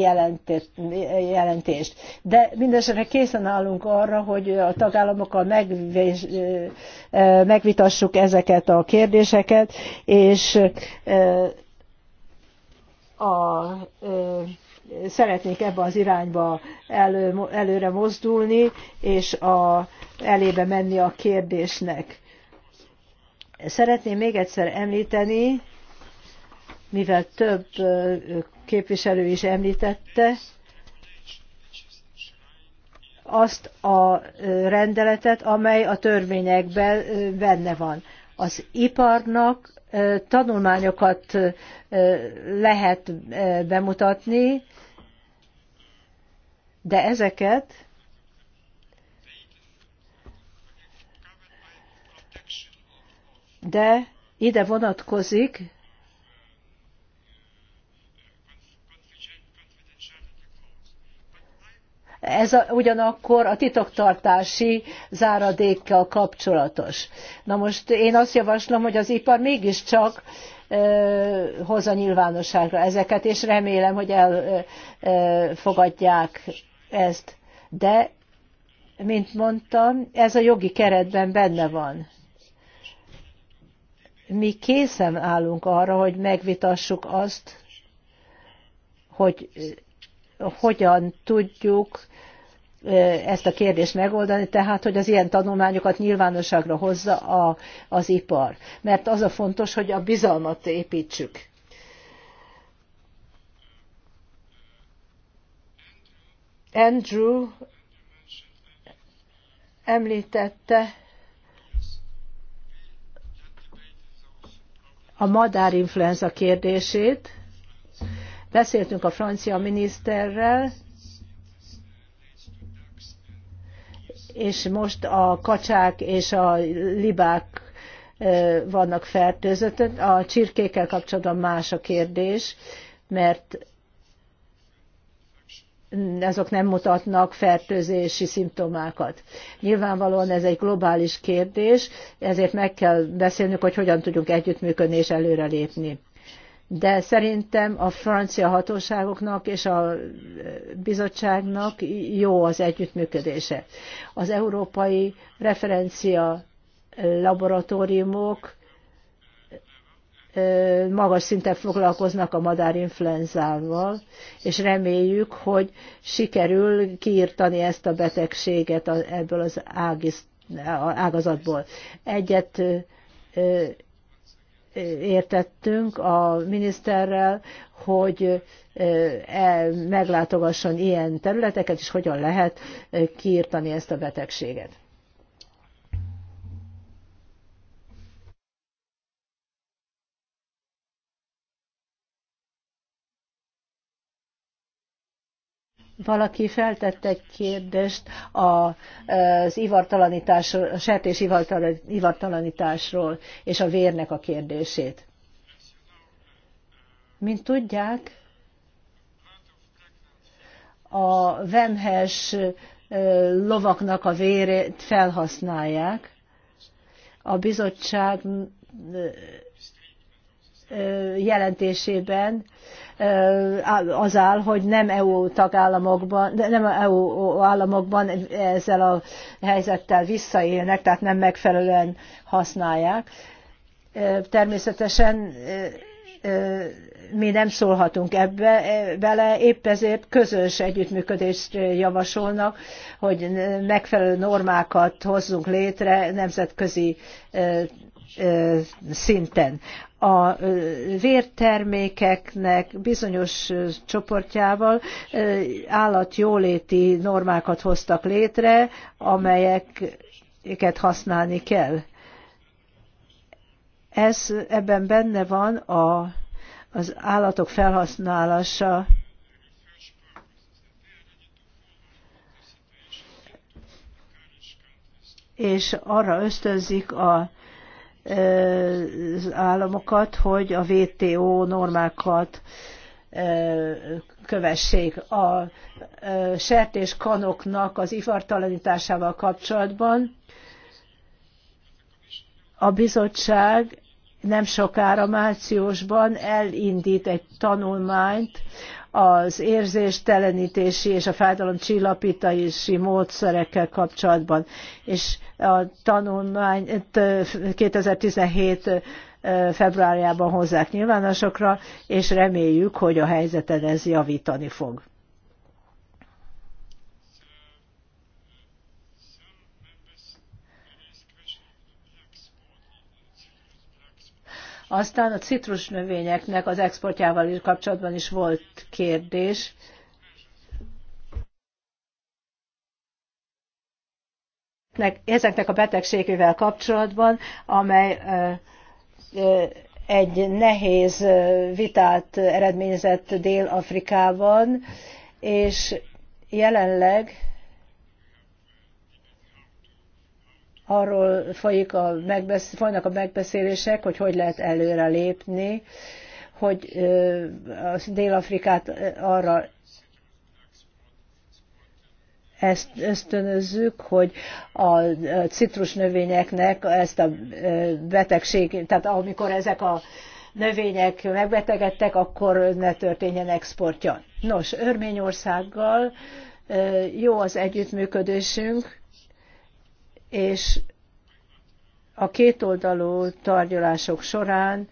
jelentést. De mindesetre készen állunk arra, hogy a tagállamokkal eh, eh, megvitassuk ezeket a kérdéseket, és a, a szeretnék ebbe az irányba elő, előre mozdulni, és a, elébe menni a kérdésnek. Szeretném még egyszer említeni, mivel több képviselő is említette, azt a rendeletet, amely a törvényekben benne van. Az iparnak tanulmányokat lehet bemutatni, de ezeket de ide vonatkozik Ez a, ugyanakkor a titoktartási záradékkal kapcsolatos. Na most én azt javaslom, hogy az ipar mégiscsak hozza nyilvánosságra ezeket, és remélem, hogy elfogadják ezt. De, mint mondtam, ez a jogi keretben benne van. Mi készen állunk arra, hogy megvitassuk azt, hogy hogyan tudjuk ezt a kérdést megoldani, tehát hogy az ilyen tanulmányokat nyilvánosságra hozza a, az ipar. Mert az a fontos, hogy a bizalmat építsük. Andrew említette a madárinfluenza kérdését, Beszéltünk a francia miniszterrel, és most a kacsák és a libák vannak fertőzött. A csirkékkel kapcsolatban más a kérdés, mert azok nem mutatnak fertőzési szimptomákat. Nyilvánvalóan ez egy globális kérdés, ezért meg kell beszélnünk, hogy hogyan tudjunk együttműködni és előrelépni de szerintem a francia hatóságoknak és a e, bizottságnak jó az együttműködése. Az európai referencia e, laboratóriumok e, magas szinten foglalkoznak a madárinfluenzával, és reméljük, hogy sikerül kiirtani ezt a betegséget ebből az ágazatból. Egyet értettünk a miniszterrel, hogy e, meglátogasson ilyen területeket, és hogyan lehet kiirtani ezt a betegséget. Valaki feltette egy kérdést az ivartalanításról, a sertés ivartalanításról és a vérnek a kérdését. Mint tudják, a vemhes lovaknak a vérét felhasználják. A bizottság jelentésében az áll, hogy nem EU tagállamokban, nem EU államokban ezzel a helyzettel visszaélnek, tehát nem megfelelően használják. Természetesen mi nem szólhatunk ebbe bele, épp ezért közös együttműködést javasolnak, hogy megfelelő normákat hozzunk létre nemzetközi szinten. A vértermékeknek bizonyos csoportjával állatjóléti normákat hoztak létre, amelyeket használni kell. Ez, ebben benne van a, az állatok felhasználása és arra ösztönzik a az államokat, hogy a WTO normákat kövessék. A sertés kanoknak az ivartalanításával kapcsolatban a bizottság nem sokára márciusban elindít egy tanulmányt az érzéstelenítési és a fájdalom csillapítási módszerekkel kapcsolatban. És a tanulmány 2017 februárjában hozzák nyilvánosokra, és reméljük, hogy a helyzeten ez javítani fog. Aztán a citrus növényeknek az exportjával is kapcsolatban is volt kérdés. Ezeknek a betegségével kapcsolatban, amely egy nehéz vitát eredményezett Dél-Afrikában, és jelenleg arról folyik a megbesz, folynak a megbeszélések, hogy hogy lehet előre lépni, hogy Dél-Afrikát arra ezt ösztönözzük, hogy a citrusnövényeknek ezt a betegség, tehát amikor ezek a növények megbetegedtek, akkor ne történjen exportja. Nos, Örményországgal jó az együttműködésünk, és a kétoldalú tárgyalások során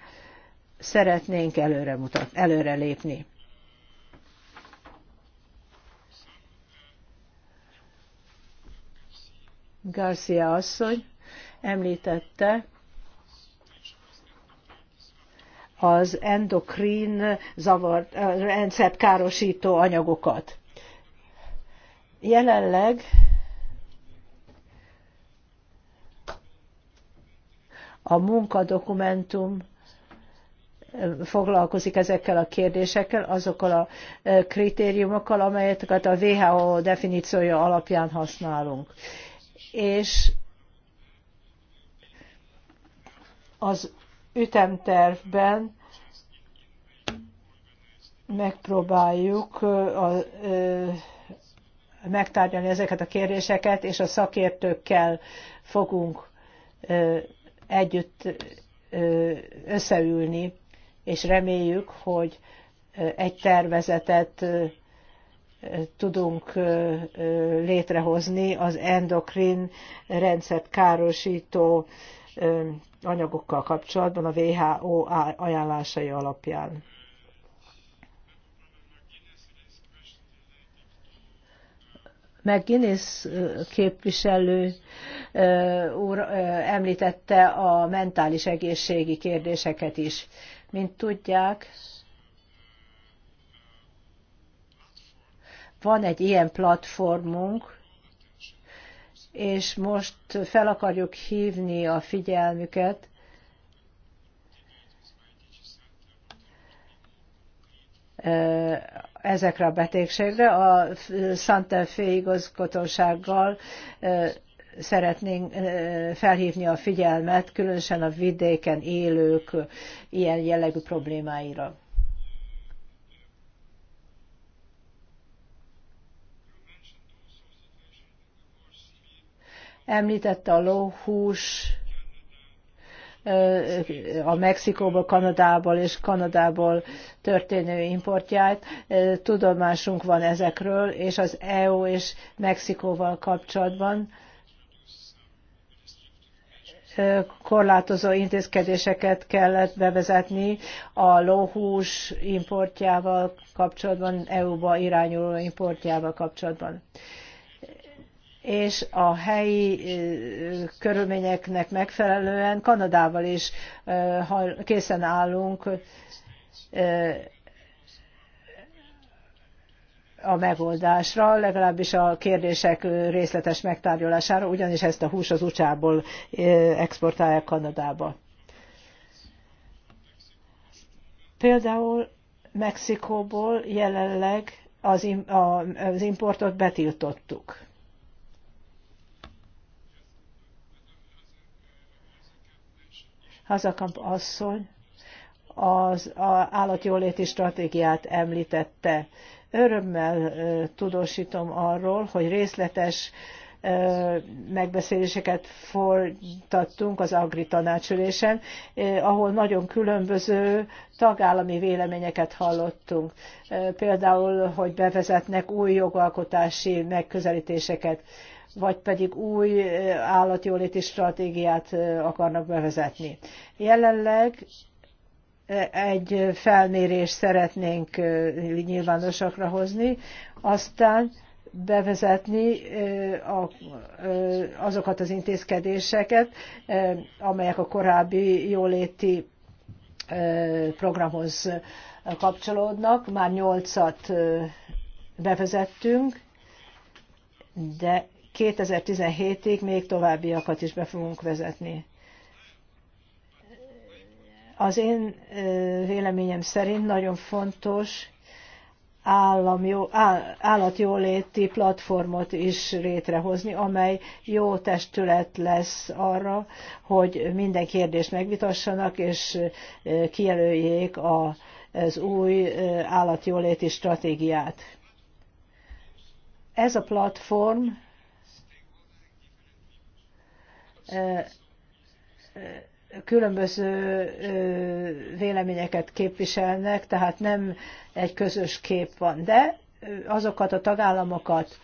szeretnénk előre, mutat, előre lépni. Garcia asszony említette az endokrin zavar, rendszert károsító anyagokat. Jelenleg a munkadokumentum foglalkozik ezekkel a kérdésekkel, azokkal a kritériumokkal, amelyeket a WHO definíciója alapján használunk. És az ütemtervben megpróbáljuk a, a, megtárgyalni ezeket a kérdéseket, és a szakértőkkel fogunk együtt összeülni, és reméljük, hogy egy tervezetet tudunk létrehozni az endokrin rendszert károsító anyagokkal kapcsolatban a WHO ajánlásai alapján. meg Guinness képviselő úr említette a mentális egészségi kérdéseket is. Mint tudják, van egy ilyen platformunk, és most fel akarjuk hívni a figyelmüket, ezekre a betegségre. A Santa Fe igazgatósággal szeretnénk felhívni a figyelmet, különösen a vidéken élők ilyen jellegű problémáira. Említette a lóhús a Mexikóból, Kanadából és Kanadából történő importját. Tudomásunk van ezekről, és az EU és Mexikóval kapcsolatban korlátozó intézkedéseket kellett bevezetni a lóhús importjával kapcsolatban, EU-ba irányuló importjával kapcsolatban és a helyi körülményeknek megfelelően Kanadával is készen állunk a megoldásra, legalábbis a kérdések részletes megtárgyalására, ugyanis ezt a hús az utcából exportálják Kanadába. Például Mexikóból jelenleg az, az importot betiltottuk. Hazakamp asszony az állatjóléti stratégiát említette. Örömmel tudósítom arról, hogy részletes megbeszéléseket folytattunk az Agri tanácsülésen, ahol nagyon különböző tagállami véleményeket hallottunk. Például, hogy bevezetnek új jogalkotási megközelítéseket vagy pedig új állatjóléti stratégiát akarnak bevezetni. Jelenleg egy felmérést szeretnénk nyilvánosakra hozni, aztán bevezetni azokat az intézkedéseket, amelyek a korábbi jóléti programhoz kapcsolódnak. Már nyolcat bevezettünk, de 2017-ig még továbbiakat is be fogunk vezetni. Az én véleményem szerint nagyon fontos államjó, áll, állatjóléti platformot is létrehozni, amely jó testület lesz arra, hogy minden kérdést megvitassanak, és kijelöljék az új állatjóléti stratégiát. Ez a platform különböző véleményeket képviselnek, tehát nem egy közös kép van. De azokat a tagállamokat,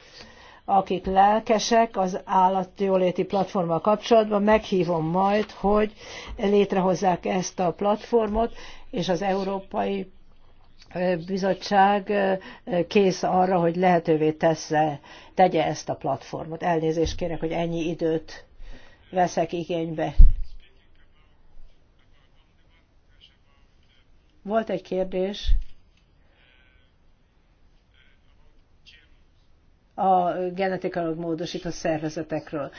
akik lelkesek az állatjóléti platformmal kapcsolatban, meghívom majd, hogy létrehozzák ezt a platformot, és az Európai Bizottság kész arra, hogy lehetővé tesz, tegye ezt a platformot. Elnézést kérek, hogy ennyi időt veszek igénybe. Volt egy kérdés a genetikailag módosított szervezetekről.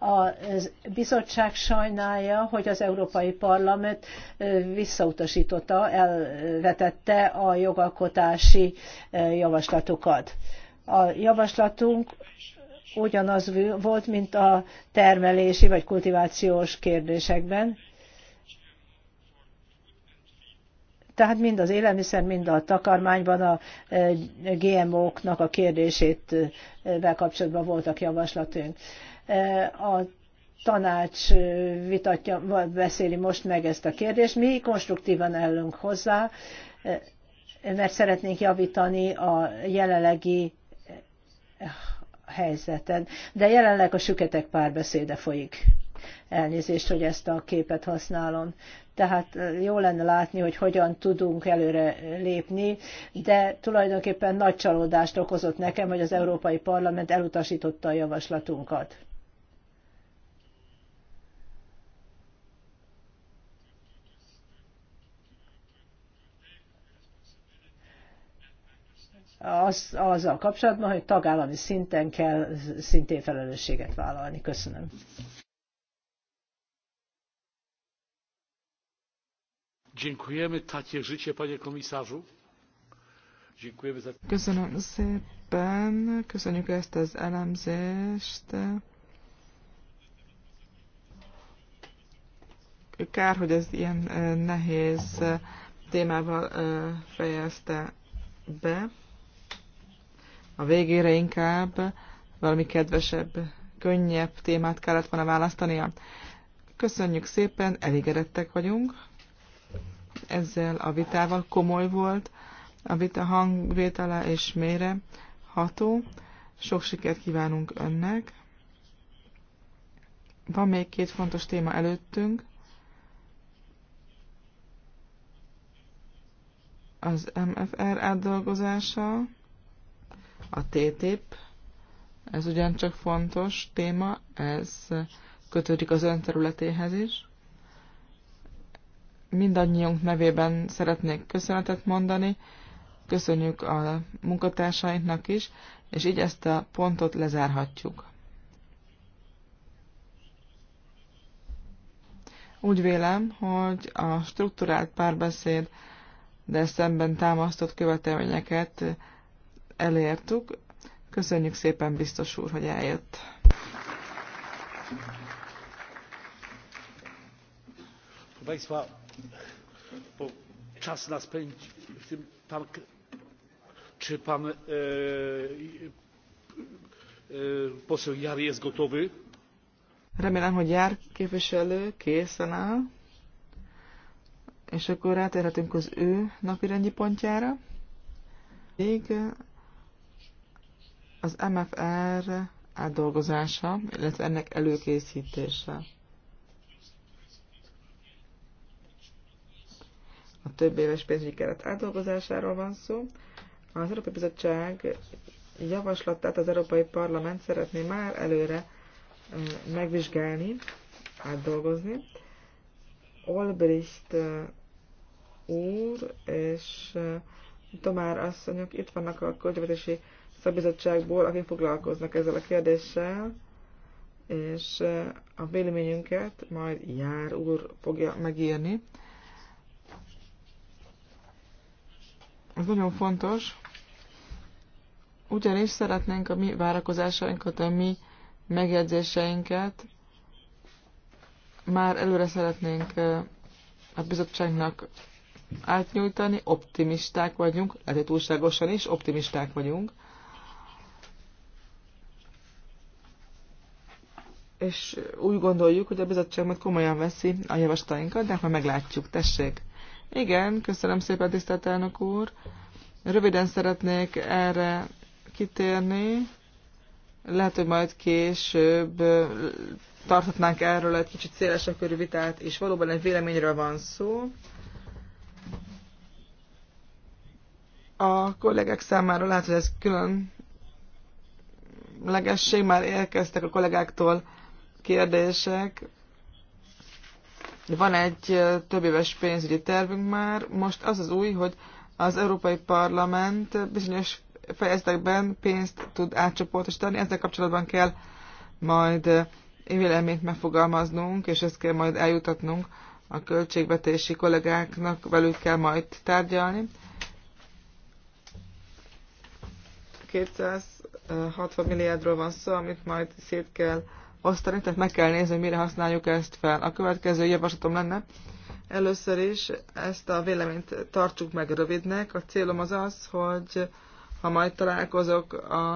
A bizottság sajnálja, hogy az Európai Parlament visszautasította, elvetette a jogalkotási javaslatokat. A javaslatunk ugyanaz volt, mint a termelési vagy kultivációs kérdésekben. Tehát mind az élelmiszer, mind a takarmányban a e, GMO-knak a kérdését e, kapcsolatban voltak javaslatunk. E, a tanács vitatja, beszéli most meg ezt a kérdést. Mi konstruktívan állunk hozzá, mert szeretnénk javítani a jelenlegi helyzeten. De jelenleg a süketek párbeszéde folyik. Elnézést, hogy ezt a képet használom. Tehát jó lenne látni, hogy hogyan tudunk előre lépni, de tulajdonképpen nagy csalódást okozott nekem, hogy az Európai Parlament elutasította a javaslatunkat az, azzal kapcsolatban, hogy tagállami szinten kell szintén felelősséget vállalni. Köszönöm. Dziękujemy. Takie życie, panie komisarzu. Dziękujemy za... Köszönöm szépen. Köszönjük ezt az elemzést. Kár, hogy ez ilyen eh, nehéz eh, témával eh, fejezte be a végére inkább valami kedvesebb, könnyebb témát kellett volna választania. Köszönjük szépen, elégedettek vagyunk ezzel a vitával. Komoly volt a vita hangvétele és mére ható. Sok sikert kívánunk önnek. Van még két fontos téma előttünk. Az MFR átdolgozása. A TTIP, ez ugyancsak fontos téma, ez kötődik az ön területéhez is. Mindannyiunk nevében szeretnék köszönetet mondani, köszönjük a munkatársainknak is, és így ezt a pontot lezárhatjuk. Úgy vélem, hogy a struktúrált párbeszéd, de szemben támasztott követelményeket elértük. Köszönjük szépen, biztos úr, hogy eljött. Państwa, bo czas nas pędzi. Pan, czy pan e, e, poseł Jar jest gotowy? Remélem, hogy Jár képviselő készen áll. És akkor rátérhetünk az ő napirendi pontjára. Még az MFR átdolgozása, illetve ennek előkészítése. A több éves pénzügyi keret átdolgozásáról van szó. Az Európai Bizottság javaslatát az Európai Parlament szeretné már előre megvizsgálni, átdolgozni. Olbricht úr és Tomár asszonyok itt vannak a költségvetési szabizottságból, akik foglalkoznak ezzel a kérdéssel, és eh, a véleményünket majd Jár úr fogja megírni. Ez nagyon fontos, ugyanis szeretnénk a mi várakozásainkat, a mi megjegyzéseinket már előre szeretnénk eh, a bizottságnak átnyújtani, optimisták vagyunk, lehet túlságosan is, optimisták vagyunk, és úgy gondoljuk, hogy a bizottság majd komolyan veszi a javaslatainkat, de hát akkor meglátjuk, tessék. Igen, köszönöm szépen, tisztelt elnök úr. Röviden szeretnék erre kitérni. Lehet, hogy majd később tarthatnánk erről egy kicsit szélesebb körű vitát, és valóban egy véleményről van szó. A kollégák számára lehet, hogy ez külön legesség, már érkeztek a kollégáktól kérdések. Van egy több éves pénzügyi tervünk már. Most az az új, hogy az Európai Parlament bizonyos fejezetekben pénzt tud átcsoportosítani. Ezzel kapcsolatban kell majd véleményt megfogalmaznunk, és ezt kell majd eljutatnunk a költségvetési kollégáknak, velük kell majd tárgyalni. 260 milliárdról van szó, amit majd szét kell osztani, tehát meg kell nézni, hogy mire használjuk ezt fel. A következő javaslatom lenne, először is ezt a véleményt tartsuk meg rövidnek. A célom az az, hogy ha majd találkozok a,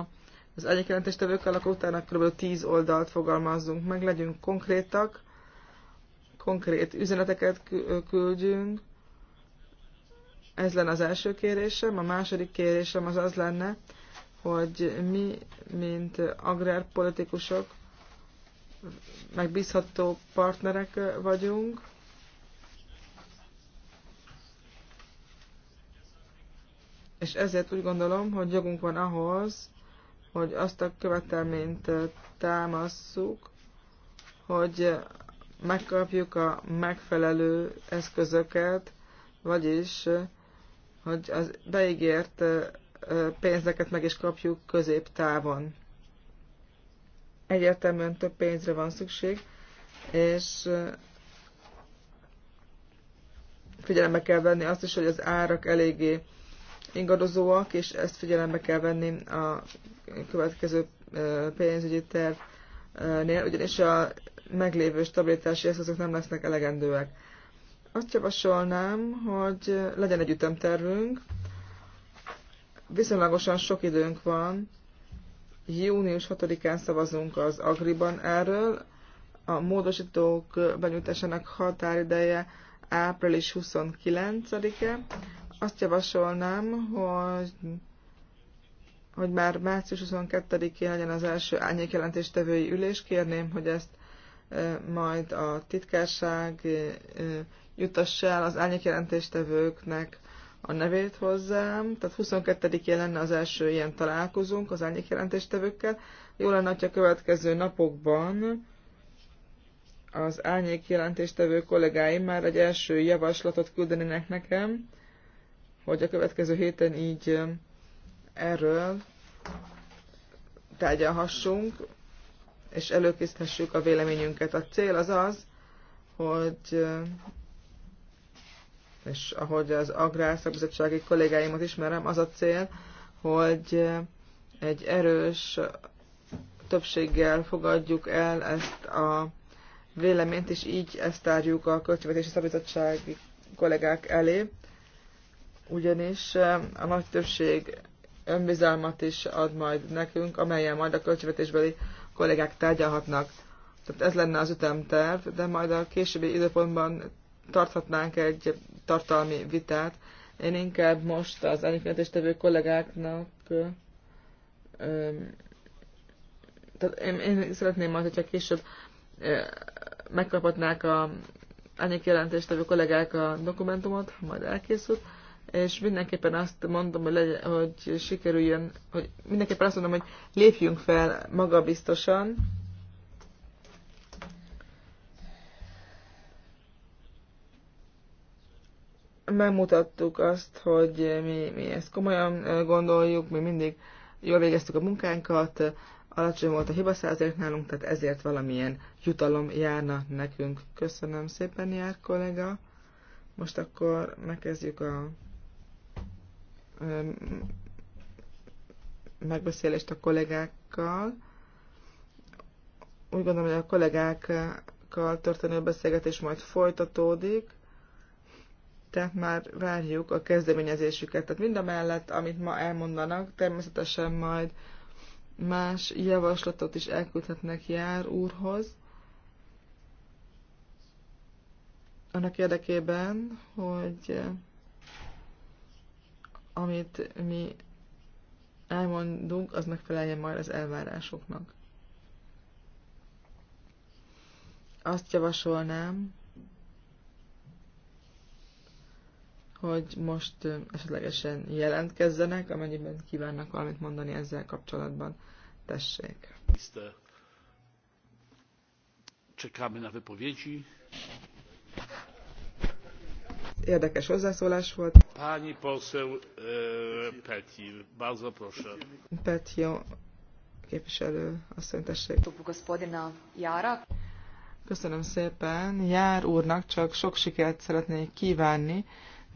az jelentéstevőkkel, akkor utána kb. 10 oldalt fogalmazzunk meg, legyünk konkrétak, konkrét üzeneteket küldjünk. Ez lenne az első kérésem. A második kérésem az az lenne, hogy mi, mint agrárpolitikusok, megbízható partnerek vagyunk. És ezért úgy gondolom, hogy jogunk van ahhoz, hogy azt a követelményt támasszuk, hogy megkapjuk a megfelelő eszközöket, vagyis, hogy az beígért pénzeket meg is kapjuk középtávon egyértelműen több pénzre van szükség, és figyelembe kell venni azt is, hogy az árak eléggé ingadozóak, és ezt figyelembe kell venni a következő pénzügyi tervnél, ugyanis a meglévő stabilitási eszközök nem lesznek elegendőek. Azt javasolnám, hogy legyen egy ütemtervünk, viszonylagosan sok időnk van, Június 6-án szavazunk az Agriban erről. A módosítók benyújtásának határideje április 29-e. Azt javasolnám, hogy, hogy már március 22-én legyen az első árnyékjelentéstevői ülés. Kérném, hogy ezt e, majd a titkárság e, e, jutassa el az árnyékjelentéstevőknek a nevét hozzám, tehát 22-én lenne az első ilyen találkozunk az árnyék jelentéstevőkkel. Jó lenne, hogy a következő napokban az árnyék jelentéstevő kollégáim már egy első javaslatot küldenének nekem, hogy a következő héten így erről tárgyalhassunk, és előkészíthessük a véleményünket. A cél az az, hogy és ahogy az agrárszakbizottsági kollégáimat ismerem, az a cél, hogy egy erős többséggel fogadjuk el ezt a véleményt, és így ezt tárjuk a költségvetési szabizottsági kollégák elé, ugyanis a nagy többség önbizalmat is ad majd nekünk, amelyen majd a költségvetésbeli kollégák tárgyalhatnak. Tehát ez lenne az ütemterv, de majd a későbbi időpontban tarthatnánk egy tartalmi vitát. Én inkább most az tevő kollégáknak tehát én, én szeretném majd, hogyha később megkaphatnák a ennyi jelentéstevő kollégák a dokumentumot, majd elkészült, és mindenképpen azt mondom, hogy, legyen, hogy sikerüljön, hogy mindenképpen azt mondom, hogy lépjünk fel magabiztosan, megmutattuk azt, hogy mi, mi ezt komolyan gondoljuk, mi mindig jól végeztük a munkánkat, alacsony volt a hiba százalék nálunk, tehát ezért valamilyen jutalom járna nekünk. Köszönöm szépen, jár kollega. Most akkor megkezdjük a megbeszélést a kollégákkal. Úgy gondolom, hogy a kollégákkal történő beszélgetés majd folytatódik tehát már várjuk a kezdeményezésüket. Tehát mind a mellett, amit ma elmondanak, természetesen majd más javaslatot is elküldhetnek Jár úrhoz. Annak érdekében, hogy eh, amit mi elmondunk, az megfeleljen majd az elvárásoknak. Azt javasolnám, hogy most esetlegesen jelentkezzenek, amennyiben kívánnak valamit mondani ezzel kapcsolatban. Tessék. Czekamy na wypowiedzi. Érdekes hozzászólás volt. Pani poseł e, Petir, bardzo proszę. Petio, képviselő, asszony, tessék. Köszönöm szépen. Jár úrnak csak sok sikert szeretnék kívánni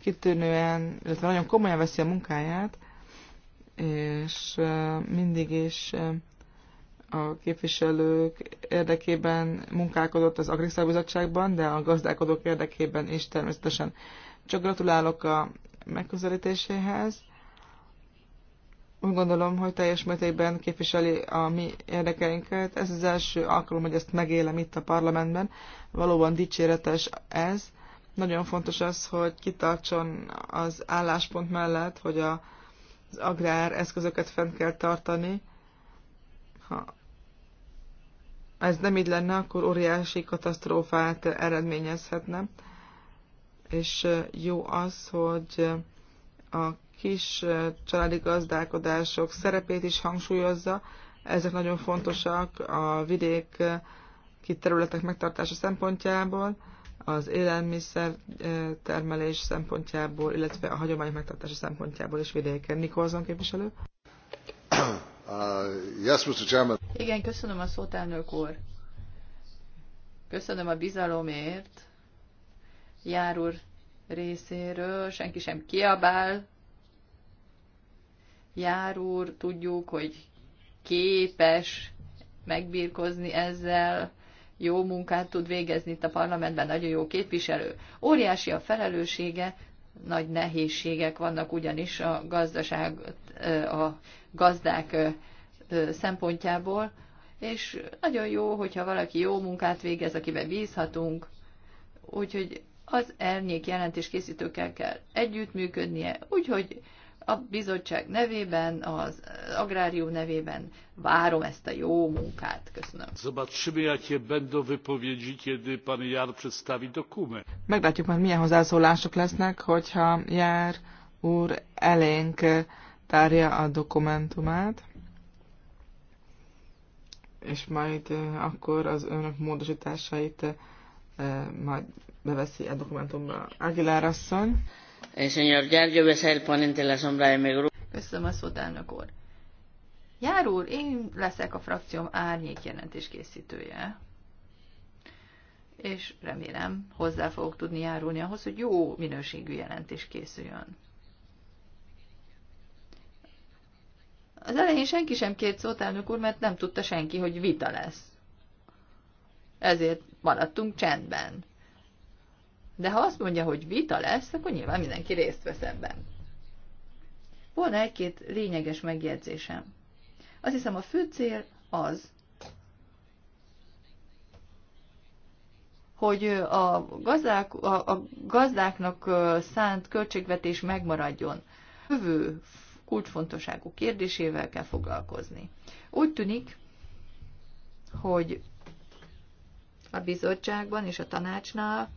kitűnően, illetve nagyon komolyan veszi a munkáját, és mindig is a képviselők érdekében munkálkodott az Agriszakbizottságban, de a gazdálkodók érdekében is természetesen. Csak gratulálok a megközelítéséhez. Úgy gondolom, hogy teljes mértékben képviseli a mi érdekeinket. Ez az első alkalom, hogy ezt megélem itt a parlamentben. Valóban dicséretes ez. Nagyon fontos az, hogy kitartson az álláspont mellett, hogy a, az agrár eszközöket fent kell tartani. Ha ez nem így lenne, akkor óriási katasztrófát eredményezhetne. És jó az, hogy a kis családi gazdálkodások szerepét is hangsúlyozza. Ezek nagyon fontosak a vidék kiterületek megtartása szempontjából az élelmiszer termelés szempontjából, illetve a hagyomány megtartása szempontjából is vidéken. Nikolson képviselő? Uh, yes, Mr. Chairman. Igen, köszönöm a szót, elnök úr. Köszönöm a bizalomért. Jár úr részéről, senki sem kiabál. Jár úr, tudjuk, hogy képes megbírkozni ezzel jó munkát tud végezni itt a parlamentben, nagyon jó képviselő. Óriási a felelőssége, nagy nehézségek vannak ugyanis a gazdaság, a gazdák szempontjából, és nagyon jó, hogyha valaki jó munkát végez, akiben bízhatunk, úgyhogy az elnék jelentés készítőkkel kell együttműködnie, úgyhogy a bizottság nevében, az agrárium nevében várom ezt a jó munkát. Köszönöm. Zobaczymy, jakie będą wypowiedzi, kiedy pan Jar przedstawi dokument. Meglátjuk majd, milyen hozzászólások lesznek, hogyha Jár úr elénk eh, tárja a dokumentumát. És majd eh, akkor az önök módosításait eh, majd beveszi a dokumentumra. Aguilar asszony. Jár, Köszönöm a szót, elnök úr. Jár úr, én leszek a frakcióm árnyék jelentés készítője. És remélem, hozzá fogok tudni járulni ahhoz, hogy jó minőségű jelentés készüljön. Az elején senki sem kért szót, elnök úr, mert nem tudta senki, hogy vita lesz. Ezért maradtunk csendben. De ha azt mondja, hogy vita lesz, akkor nyilván mindenki részt vesz ebben. Volna egy-két lényeges megjegyzésem. Azt hiszem a fő cél az, hogy a, gazdák, a, a gazdáknak szánt költségvetés megmaradjon. Jövő kulcsfontosságú kérdésével kell foglalkozni. Úgy tűnik, hogy a bizottságban és a tanácsnál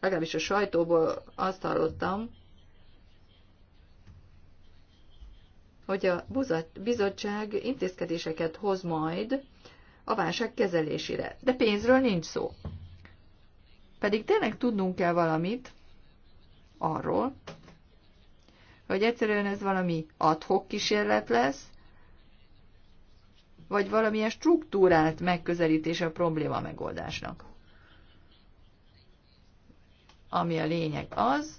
legalábbis a sajtóból azt hallottam, hogy a bizottság intézkedéseket hoz majd a válság kezelésére. De pénzről nincs szó. Pedig tényleg tudnunk kell valamit arról, hogy egyszerűen ez valami adhok kísérlet lesz, vagy valamilyen struktúrált megközelítés a probléma megoldásnak ami a lényeg az,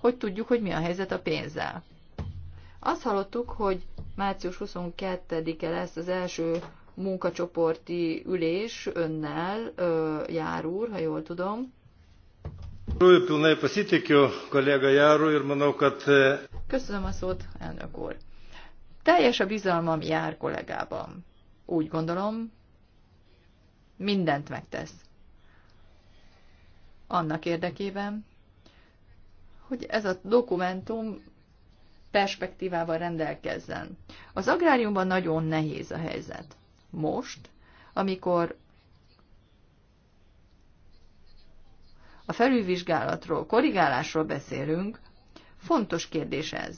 hogy tudjuk, hogy mi a helyzet a pénzzel. Azt hallottuk, hogy március 22-e lesz az első munkacsoporti ülés önnel, ö, Jár úr, ha jól tudom. E, Köszönöm a szót, elnök úr. Teljes a bizalmam Jár kollégában. Úgy gondolom, mindent megtesz annak érdekében, hogy ez a dokumentum perspektívával rendelkezzen. Az agráriumban nagyon nehéz a helyzet. Most, amikor a felülvizsgálatról, korrigálásról beszélünk, fontos kérdés ez.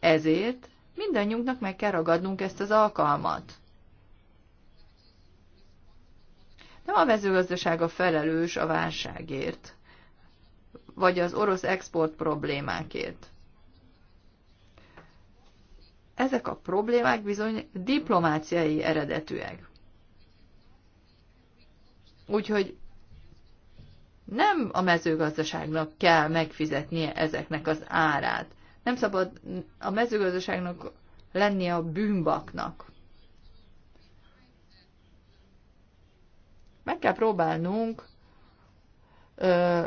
Ezért mindannyiunknak meg kell ragadnunk ezt az alkalmat. Nem a mezőgazdaság a felelős a válságért, vagy az orosz export problémákért. Ezek a problémák bizony diplomáciai eredetűek. Úgyhogy nem a mezőgazdaságnak kell megfizetnie ezeknek az árát. Nem szabad a mezőgazdaságnak lennie a bűnbaknak. Meg kell próbálnunk ö,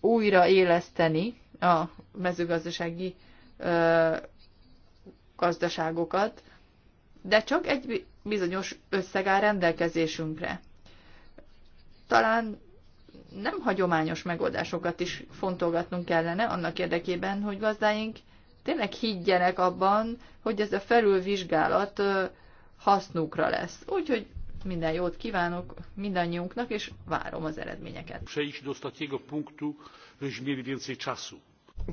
újra éleszteni a mezőgazdasági ö, gazdaságokat, de csak egy bizonyos összeg áll rendelkezésünkre. Talán nem hagyományos megoldásokat is fontolgatnunk kellene annak érdekében, hogy gazdáink tényleg higgyenek abban, hogy ez a felülvizsgálat hasznukra lesz. Úgyhogy minden jót kívánok mindannyiunknak, és várom az eredményeket.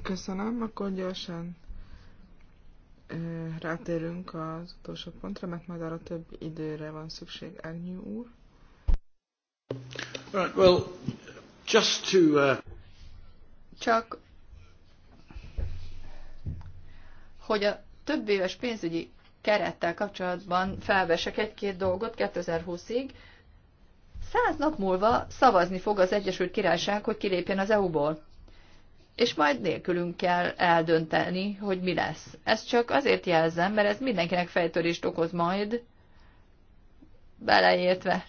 Köszönöm, akkor gyorsan e, rátérünk az utolsó pontra, mert majd arra több időre van szükség, Agnew úr. Right, well, just to, uh... Csak, hogy a több éves pénzügyi kerettel kapcsolatban felvesek egy-két dolgot 2020-ig. Száz nap múlva szavazni fog az Egyesült Királyság, hogy kilépjen az EU-ból. És majd nélkülünk kell eldönteni, hogy mi lesz. Ezt csak azért jelzem, mert ez mindenkinek fejtörést okoz majd, beleértve.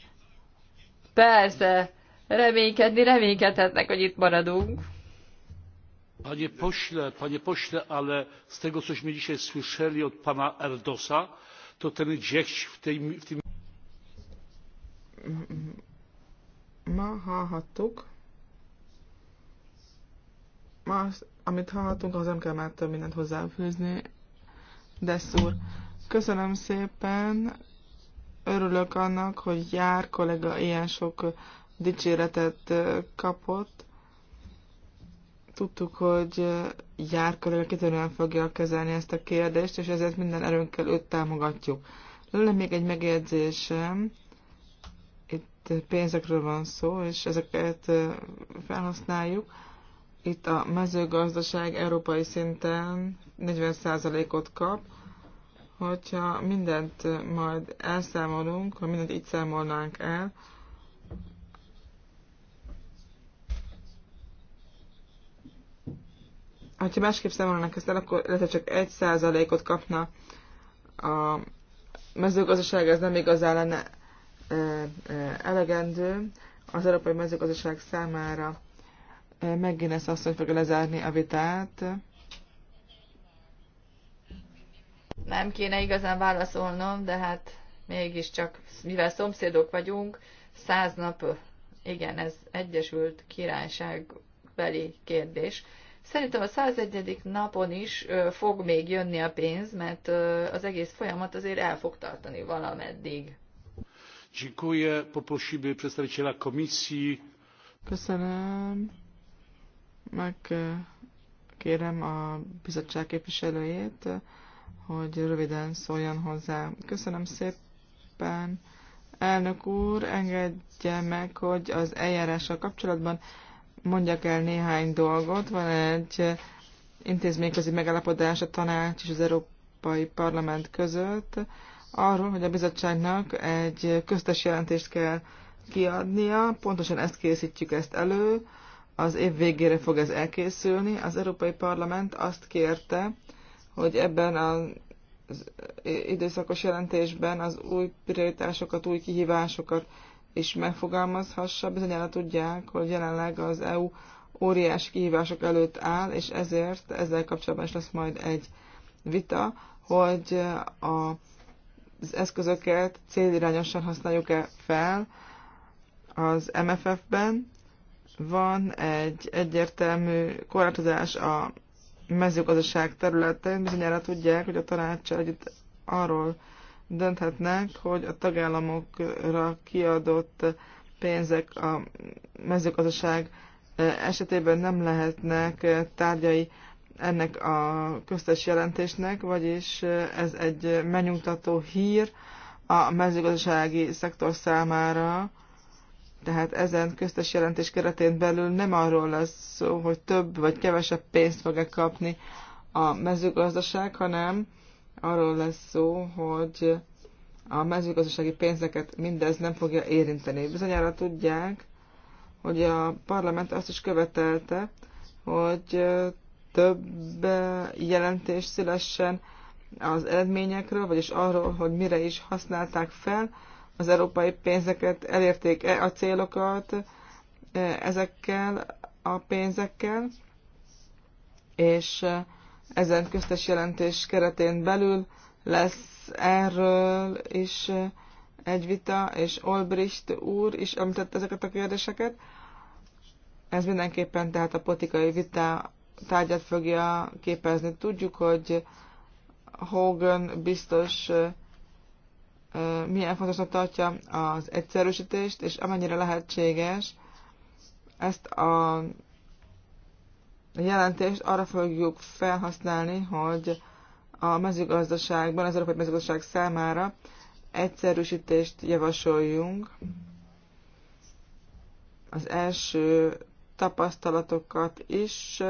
Persze, reménykedni reménykedhetnek, hogy itt maradunk. Panie pośle, panie pośle, ale z tego cośmy dzisiaj słyszeli od pana Erdosa, to ten dzieć w, tej, tym... Ma, amit hallhattunk, az nem kell már több mindent hozzáfűzni. De szúr. Köszönöm szépen. Örülök annak, hogy jár kollega ilyen sok dicséretet kapott. Tudtuk, hogy jár körül kitűnően fogja kezelni ezt a kérdést, és ezért minden erőnkkel őt támogatjuk. Lenne még egy megjegyzésem, itt pénzekről van szó, és ezeket felhasználjuk. Itt a mezőgazdaság európai szinten 40%-ot kap, hogyha mindent majd elszámolunk, ha mindent így számolnánk el, hogyha másképp számolnak ezt el, akkor lehet, csak egy százalékot kapna a mezőgazdaság, ez nem igazán lenne elegendő az európai mezőgazdaság számára. Megint ezt azt, hogy fogja lezárni a vitát. Nem kéne igazán válaszolnom, de hát mégiscsak, mivel szomszédok vagyunk, száz nap, igen, ez Egyesült Királyság beli kérdés Szerintem a 101. napon is fog még jönni a pénz, mert az egész folyamat azért el fog tartani valameddig. Köszönöm. Meg kérem a bizottság képviselőjét, hogy röviden szóljon hozzá. Köszönöm szépen. Elnök úr, engedje meg, hogy az eljárással kapcsolatban mondjak el néhány dolgot. Van egy intézményközi megállapodás a tanács és az Európai Parlament között arról, hogy a bizottságnak egy köztes jelentést kell kiadnia. Pontosan ezt készítjük ezt elő. Az év végére fog ez elkészülni. Az Európai Parlament azt kérte, hogy ebben az időszakos jelentésben az új prioritásokat, új kihívásokat és megfogalmazhassa. Bizonyára tudják, hogy jelenleg az EU óriási kihívások előtt áll, és ezért ezzel kapcsolatban is lesz majd egy vita, hogy a, az eszközöket célirányosan használjuk-e fel az MFF-ben. Van egy egyértelmű korlátozás a mezőgazdaság területén. Bizonyára tudják, hogy a tanácsa együtt arról dönthetnek, hogy a tagállamokra kiadott pénzek a mezőgazdaság esetében nem lehetnek tárgyai ennek a köztes jelentésnek, vagyis ez egy megnyugtató hír a mezőgazdasági szektor számára, tehát ezen köztes jelentés keretén belül nem arról lesz szó, hogy több vagy kevesebb pénzt fog -e kapni a mezőgazdaság, hanem arról lesz szó, hogy a mezőgazdasági pénzeket mindez nem fogja érinteni. Bizonyára tudják, hogy a parlament azt is követelte, hogy több jelentés szülessen az eredményekről, vagyis arról, hogy mire is használták fel az európai pénzeket, elérték-e a célokat eh, ezekkel a pénzekkel, és eh, ezen köztes jelentés keretén belül lesz erről is eh, egy vita, és Olbricht úr is említette ezeket a kérdéseket. Ez mindenképpen tehát a politikai vita tárgyat fogja képezni. Tudjuk, hogy Hogan biztos eh, eh, milyen fontosnak tartja az egyszerűsítést, és amennyire lehetséges, ezt a jelentést arra fogjuk felhasználni, hogy a mezőgazdaságban, az európai mezőgazdaság számára egyszerűsítést javasoljunk. Az első tapasztalatokat is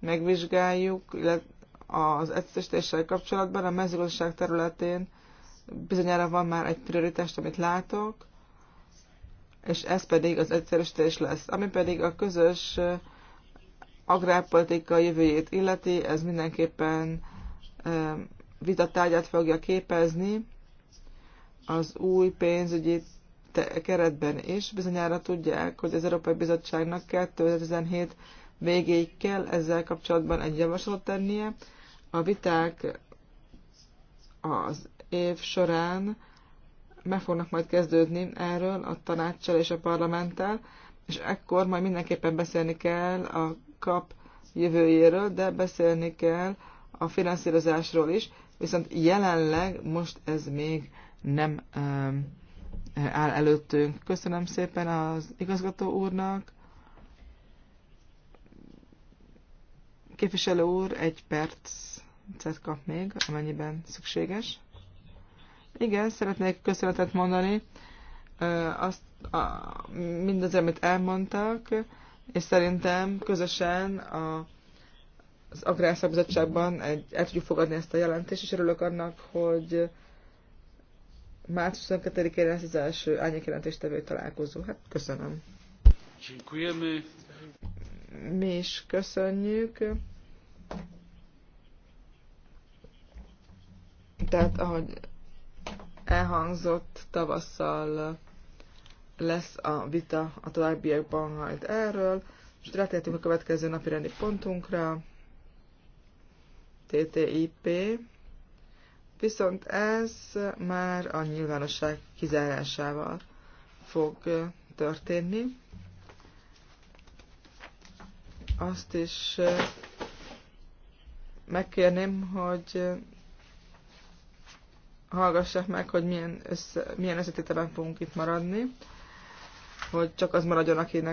megvizsgáljuk, illetve az egyszerűsítéssel kapcsolatban a mezőgazdaság területén bizonyára van már egy prioritást, amit látok, és ez pedig az egyszerűsítés lesz. Ami pedig a közös agrárpolitika jövőjét illeti, ez mindenképpen vitatárgyát fogja képezni az új pénzügyi keretben is. Bizonyára tudják, hogy az Európai Bizottságnak 2017 végéig kell ezzel kapcsolatban egy javaslatot tennie. A viták az év során meg fognak majd kezdődni erről a tanácssal és a parlamenttel, és ekkor majd mindenképpen beszélni kell a kap jövőjéről, de beszélni kell a finanszírozásról is, viszont jelenleg most ez még nem áll előttünk. Köszönöm szépen az igazgató úrnak. Képviselő úr, egy percet kap még, amennyiben szükséges. Igen, szeretnék köszönetet mondani. Azt, a, mindaz, amit elmondtak, és szerintem közösen a, az Agrárszakbizottságban el tudjuk fogadni ezt a jelentést, és örülök annak, hogy március 22-én lesz az első árnyékjelentéstevő találkozó. Hát köszönöm. Mi is köszönjük. Tehát, ahogy elhangzott tavasszal lesz a vita a továbbiakban majd erről, és rátértünk a következő napi rendi pontunkra, TTIP, viszont ez már a nyilvánosság kizárásával fog történni. Azt is megkérném, hogy hallgassák meg, hogy milyen, össze, milyen összetételben fogunk itt maradni hogy csak az maradjon, akinek